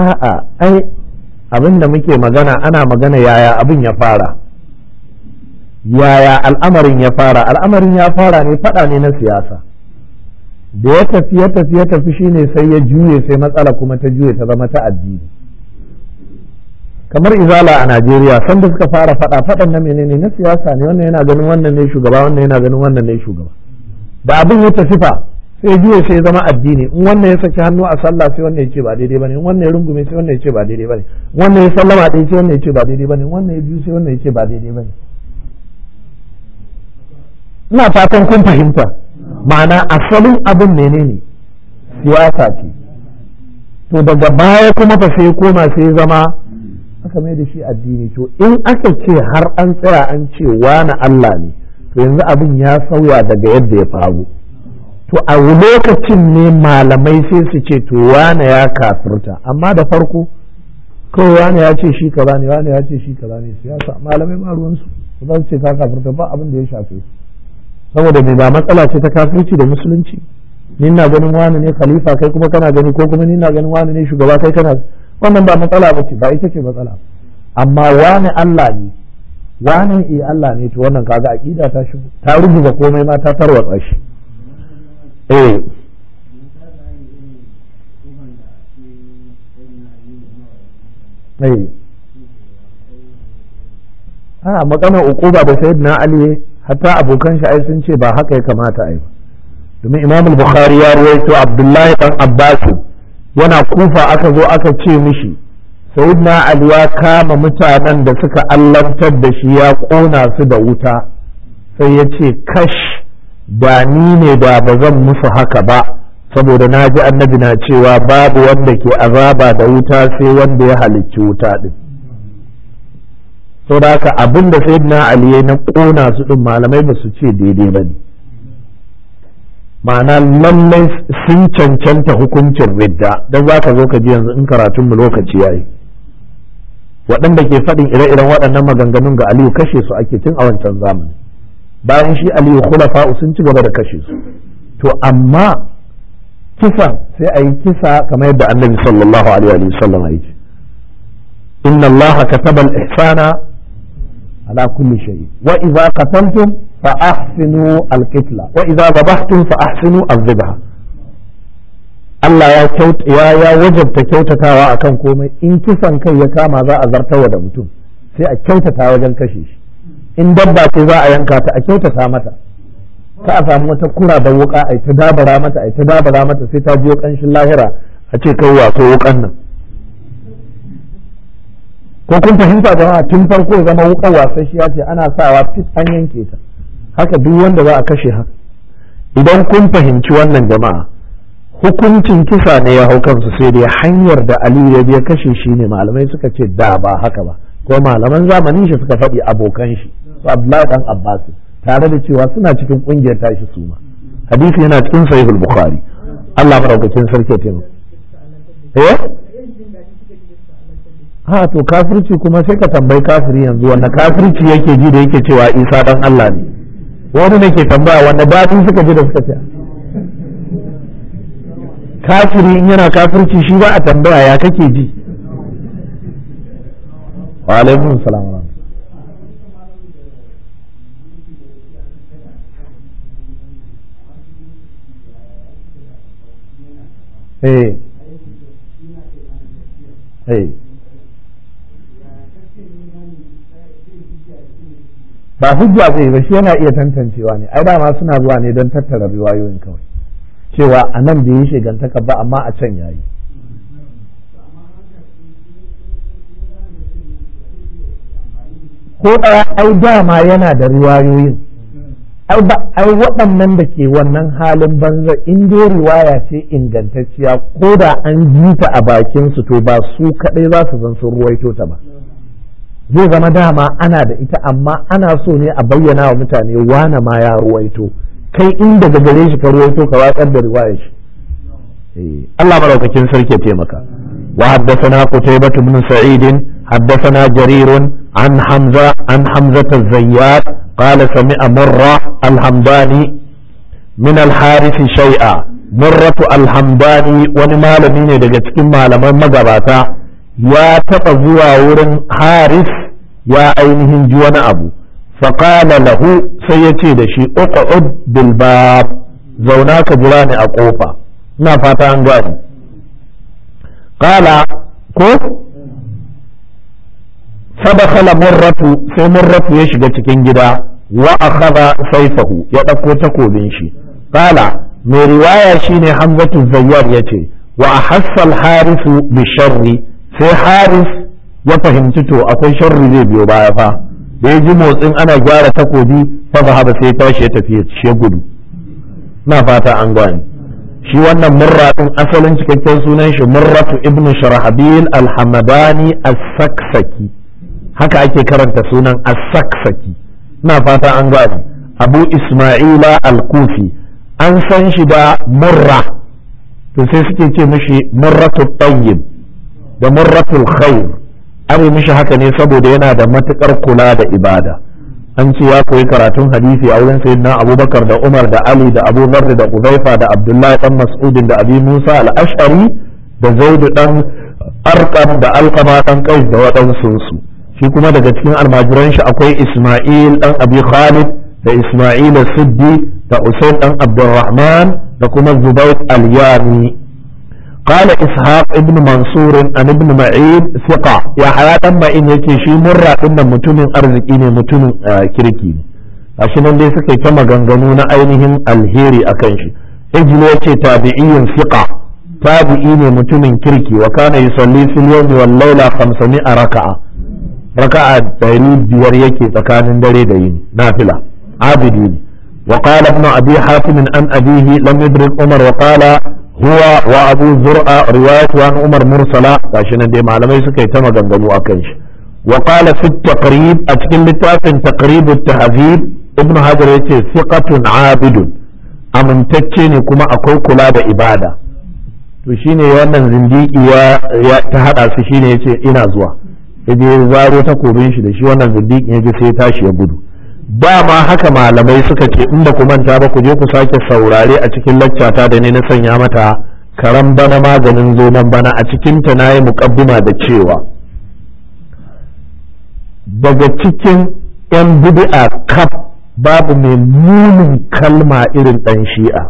a'a ai abin da muke magana ana magana yaya abin ya fara yaya al'amarin ya fara al'amarin ya fara ne fada ne na siyasa da ya tafi ya tafi ya tafi shine sai ya juye sai matsala kuma ta juye ta zama ta addini kamar izala a Najeriya sanda suka fara fada fadan na menene na siyasa ne wannan yana ganin wannan ne shugaba wannan yana ganin wannan ne shugaba da abin ya tafi fa sai juya sai ya zama addini in wannan ya saki hannu a sallah sai wannan ya ce ba daidai bane in wannan ya rungume sai wannan ya ce ba daidai bane wannan ya sallama ɗaya sai wannan ya ce ba daidai bane wannan ya biyu sai wannan ya ce ba daidai bane ina fatan kun fahimta ma'ana asalin abin menene siyasa ce to daga baya kuma fa sai koma sai zama aka mai da shi addini to in aka ce har an tsaya an ce wani Allah ne to yanzu abin ya sauya daga yadda ya faru to a lokacin ne malamai sai su ce to wane ya kafirta amma da farko kawai wane ya ce shi kaza ne wane ya ce shi kaza ne siyasa malamai ma ruwansu ba su ce ka kafirta ba abin da ya shafe su saboda me ba matsala ce ta kafirci da musulunci ni na ganin wani ne khalifa kai kuma kana gani ko kuma ni na ganin wani ne shugaba kai kana wannan ba matsala ba ce ba ita ce matsala amma wani Allah ne wani eh Allah ne to wannan kaga aqida ta shi ta rubuta komai ma ta tarwatsa shi Eh. Eh. a ah, maganar ukuba da sayyidina ali hatta abokan shi ai sun ce ba haka ya kamata ai domin imam al-bukhari ya ruwaito abdullahi dan abbas yana kufa aka zo aka ce mishi sayyidina ali ya kama mutanen da suka allantar da shi ya kona su da wuta sai ya ce kash ba ni ne da ba zan musu haka ba saboda na ji annabi na cewa babu wanda ke azaba da wuta sai wanda ya halicci wuta din saboda haka abin da sayyidina ali na kona su din malamai ba su ce daidai ba ne ma'ana lallai sun cancanta hukuncin ridda don za ka zo ka ji yanzu in karatun mu lokaci yi. waɗanda ke faɗin ire-iren waɗannan maganganun ga aliyu kashe su ake tun a wancan zamani bayan shi aliyu khulafa sun ci gaba da kashe su to amma kisan sai a yi kisa kamar yadda annabi sallallahu alaihi wa sallam ya ce inna allaha kataba al-ihsana ala kulli shay wa idza qataltum fa ahsinu al-qitla wa idza dabahtum fa ahsinu al-dhabha Allah ya ya ya wajabta kyautatawa akan komai in kisan kai ya kama za a zartawa da mutum sai a kyautata wajen kashe shi in dabba ce za a yanka ta a kyautata mata ka a samu wata kura da wuka a ta dabara mata a ta dabara mata sai ta biyo kanshin lahira a ce kai wato wukan nan ko kun fahimta jama'a tun farko ya zama wukan wasan ce ana sawa fit an yanke ta haka duk wanda za a kashe ha idan kun fahimci wannan jama'a hukuncin kisa ne ya hau kansu sai dai hanyar da aliyu ya biya kashe shi ne malamai suka ce da ba haka ba ko malaman zamanin shi suka faɗi abokan shi su Abdullahi dan Abbas tare da cewa suna cikin kungiyar tashi su ma hadisi yana cikin al bukhari Allah madaukakin sarki ya taimaka eh ha to kafirci kuma sai ka tambayi kafiri yanzu wanda kafirci yake ji da yake cewa Isa dan Allah ne wani ne ke tambaya wanda su suka ji da suka ce kafiri in yana kafirci shi ba a tambaya ya kake ji wa alaikum salam Eh. Eh. ba hujja zai ba shi yana iya tantancewa ne ai dama suna zuwa ne don tattara riwayoyin kawai cewa a nan bai yi shigantaka ba amma a can ya yi. ko ɗaya ai dama yana da riwayoyin ai waɗannan da ke wannan halin banza in dai riwaya ce ingantacciya ko da an ji ta a bakin su to ba su kaɗai za su zan sun ruwaito ta ba zai zama dama ana da ita amma ana so ne a bayyana wa mutane wane ma ya ruwaito kai in daga gare shi ka ruwaito ka watsar da riwaya shi eh, Allah maraukakin sarki ya taimaka wa haddasana qutaybah ibn sa'idin haddasana jarirun an hamza an hamza zayyad قال سمع مرة الحمداني من الحارث شيئا مرة الحمداني ونمال من دقت تكين لما مقباتا يا تقضوا ورن حارث يا أينه جوان أبو فقال له سيتي دشي اقعد بالباب زوناك جراني أقوفا نا فاتا أنقاني قال كو فدخل مرة في مرة يشجع تكين جدا wa akhadha sayfahu ya ɗauko takobin shi qala mai riwaya shine hamzatu zayyar yace wa wa'ahassan harisu bi sharri sai haris ya fahimci to akwai sharri zai biyo baya fa da ya ji motsin ana gyara takobi fa zahaba sai tashi ya tafi ya gudu na fata an gwani shi wannan murra din asalin cikakken sunan shi murratu ibn sharhabil al-hamadani as-saksaki haka ake karanta sunan as-saksaki ina fata an gane abu isma'ila al-kufi an san shi da murra to sai suke ce mishi murratul tayyib da murratul khair ari mishi haka ne saboda yana da matukar kula da ibada an ce ya koyi karatun hadisi a wurin sayyidina abubakar da umar da ali da abu zarri da uzaifa da abdullahi dan mas'udin da abi musa al-ash'ari da zaidu dan arqam da alkama dan kais da waɗansu su shi kuma daga cikin almajiran shi akwai Isma'il dan Abi Khalid da Isma'il Siddi da Usaid dan Abdurrahman da kuma Zubair al-Yami قال إسحاق ابن منصور عن ابن معين ثقة يا حياة ما إن يكي شي مرة إن متون أرزقيني متون كركيني عشان اللي سكي كما غنغنون أينهم الهيري أكنش إجل يكي تابعي ثقة تابعيني متون كركي وكان يصلي في اليوم والليلة 500 ركعة raka'a da yini biyar yake tsakanin dare da yini nafila abidi ne wa qala ibn an abihi lam umar wa qala huwa wa abu zur'a riwayat wa umar mursala gashi nan malamai suka yi ta maganganu akan shi wa qala fi taqrib a cikin littafin taqrib ta tahzib ibn hajar yace thiqatun abidun amintacce ne kuma akwai kula da ibada to shine wannan zindiki ya ta hada su shine yace ina zuwa ya je zaro takobin shi da shi wannan zindikin ya ji sai ya tashi ya gudu ba ma haka malamai suka ce in ba ku manta ba ku je ku sake saurare a cikin laccata da ne na sanya mata karan bana maganin zoman bana a cikin ta na yi muƙaddima da cewa daga cikin 'yan bidi'a kaf babu mai munin kalma irin ɗan shi'a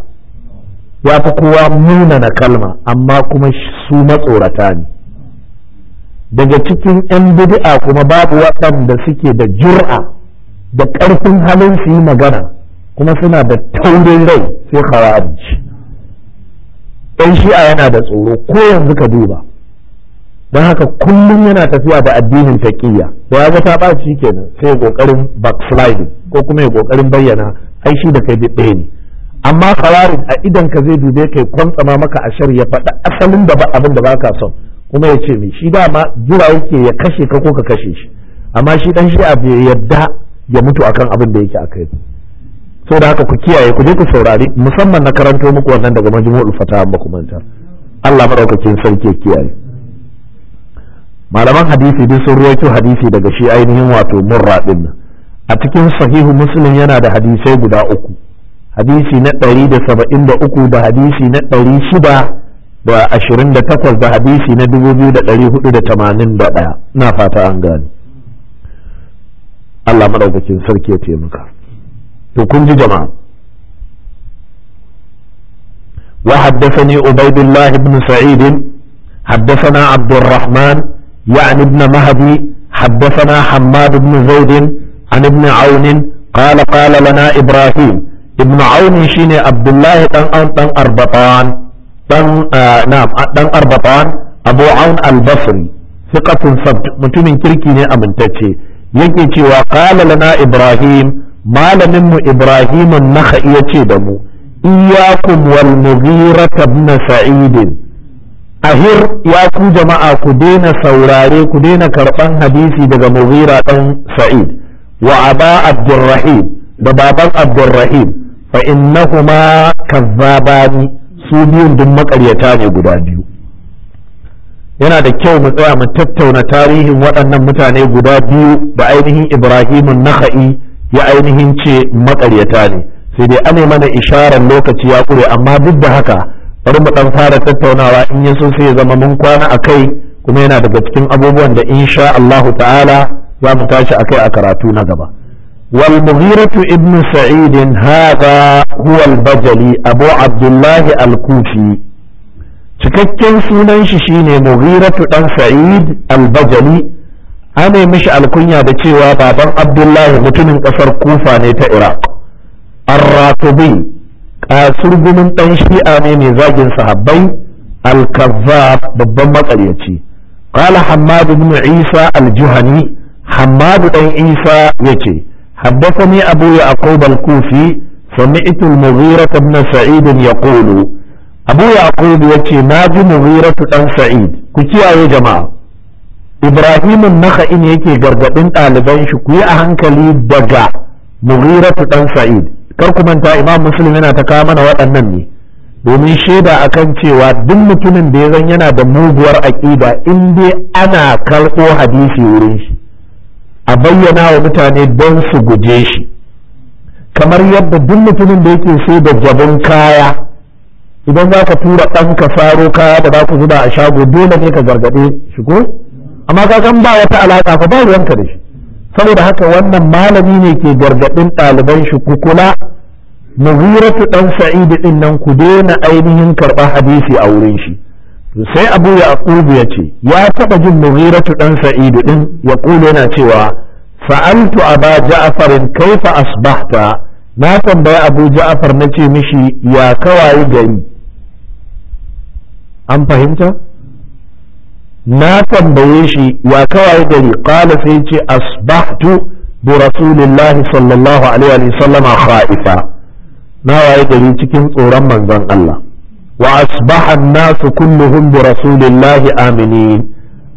ya fi kowa munana kalma amma kuma su matsorata ne daga cikin 'yan bid'a kuma babu waɗanda suke da jur'a da ƙarfin halin su yi magana kuma suna da taurin rai sai khawarij ɗan shi'a yana da tsoro ko yanzu ka duba don haka kullum yana tafiya da addinin taƙiyya da ya ga ta ɓaci kenan sai ƙoƙarin backsliding ko kuma ya ƙoƙarin bayyana ai shi da kai ɗaya ne amma khawarij a idan ka zai dube kai kwantsama maka a shari'a faɗa asalin da ba abin da ka son kuma ya ce mai shi da ma jira yake ya kashe ka ko ka kashe shi amma shi dan shi'a bai yadda ya mutu akan abin da yake a kai. so da haka ku kiyaye ku je ku saurari musamman na karanto muku wannan daga majmu'ul fatawa ba manta Allah madaukakin sarki ya kiyaye malaman hadisi duk sun ruwaito hadisi daga shi ainihin wato murra din a cikin sahihu muslim yana da hadisai guda uku hadisi na ɗari da saba'in da uku da hadisi na ɗari shida da 28 da hadisi na 2481 na fata an gani Allah maɗaukakin sarki ya taimaka to kun ji jama'a wa haddathani ubaydullah ibn sa'id haddathana abdurrahman ya'ni ibn mahdi haddathana hammad ibn zaid an ibn aun qala qala lana ibrahim ibnu aun shine abdullahi dan an dan arbatan dan eh, na'am ah, dan arbatan abu aun al-basri thiqatun sabt mutumin kirki ne amintacce yake cewa qala lana ibrahim malamin mu ibrahim an-nakhai yace da mu iyyakum wal mughira ibn sa'id ahir ya ku jama'a ku daina saurare ku daina karban hadisi daga mughira dan sa'id wa aba abdurrahim da baban abdurrahim fa innahuma kazzabani su biyun duk makaryata ne guda biyu yana da kyau mu tsaya mu tattauna tarihin waɗannan mutane guda biyu da ainihin ibrahimun naha'i ya ainihin ce makaryata ne sai dai ane mana isharar lokaci ya ƙure amma duk da haka bari mu ɗan fara tattaunawa in ya so sai ya zama mun kwana a kai kuma yana daga cikin abubuwan da insha Allahu ta'ala za mu tashi a kai a karatu na gaba والمغيرة ابن سعيد هذا هو البجلي أبو عبد الله الكوفي cikakken sunan shi shine Mughiratu dan Sa'id al-Bajali ana mishi alkunya da cewa baban Abdullahi mutumin kasar Kufa ne ta Iraq Ar-Ratubi ɗan dan Shi'a ne mai zagin sahabbai al-Kazzab babban matsaliyaci qala Hammad ibn Isa al-Juhani Hammad dan Isa yace حدثني أبو يعقوب الكوفي سمعت المغيرة بن سعيد يقول أبو يعقوب يكي ناج مغيرة بن سعيد كتيا يا جماعة إبراهيم النخ إن يكي غرغبين طالبان شكوي أهنكلي دجا مغيرة بن سعيد karku أنت إمام مسلم هنا ta وأنني mana waɗannan ne domin shaida akan cewa duk mutumin da ya zan yana da muguwar aƙida in dai ana karɓo hadisi wurin shi a bayyana wa mutane don su guje shi kamar yadda duk mutumin da yake sai da jabin kaya idan za ka tura ɗanka faro kaya da za ku zuba a shago dole ne ka gargaɗe shi ko amma ka san ba wata alaƙa ka ba ruwanka da shi saboda haka wannan malami ne ke gargaɗin ɗaliban shi ku kula mughiratu ɗan sa'idu ɗin nan ku daina ainihin karɓar hadisi a wurin shi sai abu ya ya ce ya taɓa jin mughiratu ɗan sa'idu ɗin ya yana cewa fa'altu aba ja'farin kaifa asbahta na tambayi abu ja'far na ce mishi ya kawai gari an fahimta na tambaye shi ya kawai gari qala sai ce asbahtu bi rasulillahi sallallahu alaihi wa sallam khaifa na waye gari cikin tsoron manzon Allah wa asbahan nasu kulluhum bi rasulillahi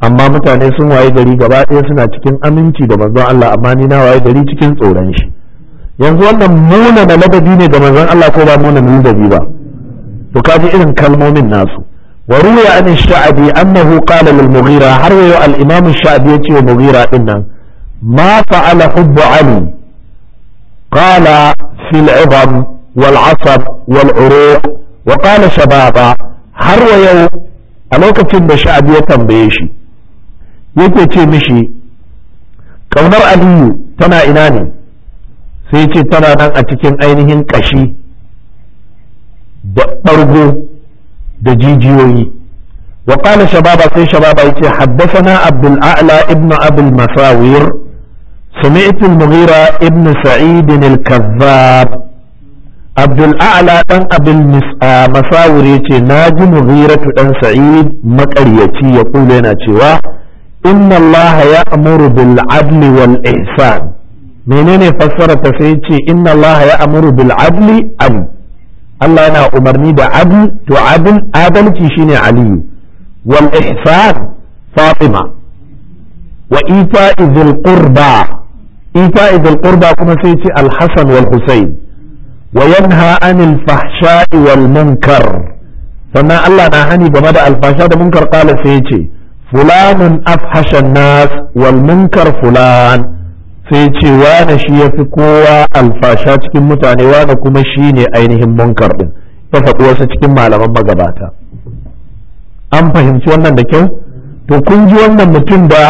amma mutane sun waye gari gaba ɗaya suna cikin aminci da manzon Allah amma ni na waye gari cikin tsoron shi yanzu wannan muna da ladabi ne ga manzon Allah ko ba muna da ladabi ba to kaji irin kalmomin nasu wa ruwa an sha'abi annahu qala lil mughira har yau al imam sha'abi yace wa mughira din nan ma fa'ala hubbu ali qala fil ibam wal asab wal uruq wa qala shababa har wa yau a lokacin da sha'abi ya tambaye shi yake ce mishi ƙaunar aliyu tana ina ne sai ce tana nan a cikin ainihin ƙashi da ɓargo da jijiyoyi wa ƙala shababa sai shababa ya ce haddasana abdul a'la ibn abul masawir سمعت المغيرة ابن سعيد الكذاب عبد الأعلى أن أبي المساور يتي ناجي مغيرة أن سعيد مكريتي يقول لنا تيواه inna Allah ya amuru bil adli wal ihsan menene fassara ta sai ce inna Allah ya amuru bil adli am Allah yana umarni da adl to adl adalci shine Ali wal ihsan Fatima wa ita'i dhil qurba ita'i dhil qurba kuma sai ce al Hasan wal Husayn wa yanha anil fahsha'i wal munkar sannan Allah na hani game da alfasha da munkar kala sai ce fulanun afhashan nas wal munkar fulan sai ce wane shi ya kowa alfasha cikin mutane wane kuma shi ne ainihin munkar ɗin ta faɗi wasu cikin malaman magabata an fahimci wannan da kyau to kun ji wannan mutum da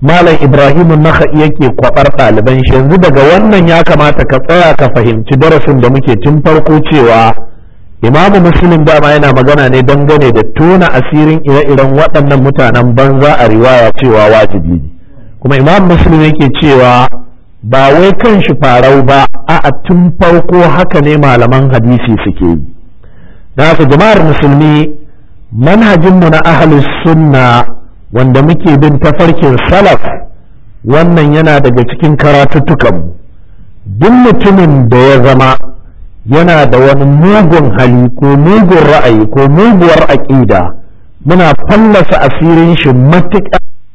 malam ibrahimu naka yake kwabar ɗaliban shi yanzu daga wannan ya kamata ka tsaya ka fahimci darasin da muke tun farko cewa imamu muslim dama yana magana ne dangane da tona asirin ire-iren waɗannan mutanen banza a riwaya cewa wajibi ne kuma imamu muslim yake cewa ba wai kan shi farau ba a tun farko haka ne malaman hadisi suke yi da haka jama'ar musulmi manhajinmu na ahalus sunna wanda muke bin tafarkin salaf wannan yana daga cikin karatuttukanmu duk mutumin da ya zama yana da wani mugun hali ko mugun ra'ayi ko muguwar aƙida muna fallasa asirin shi matuƙa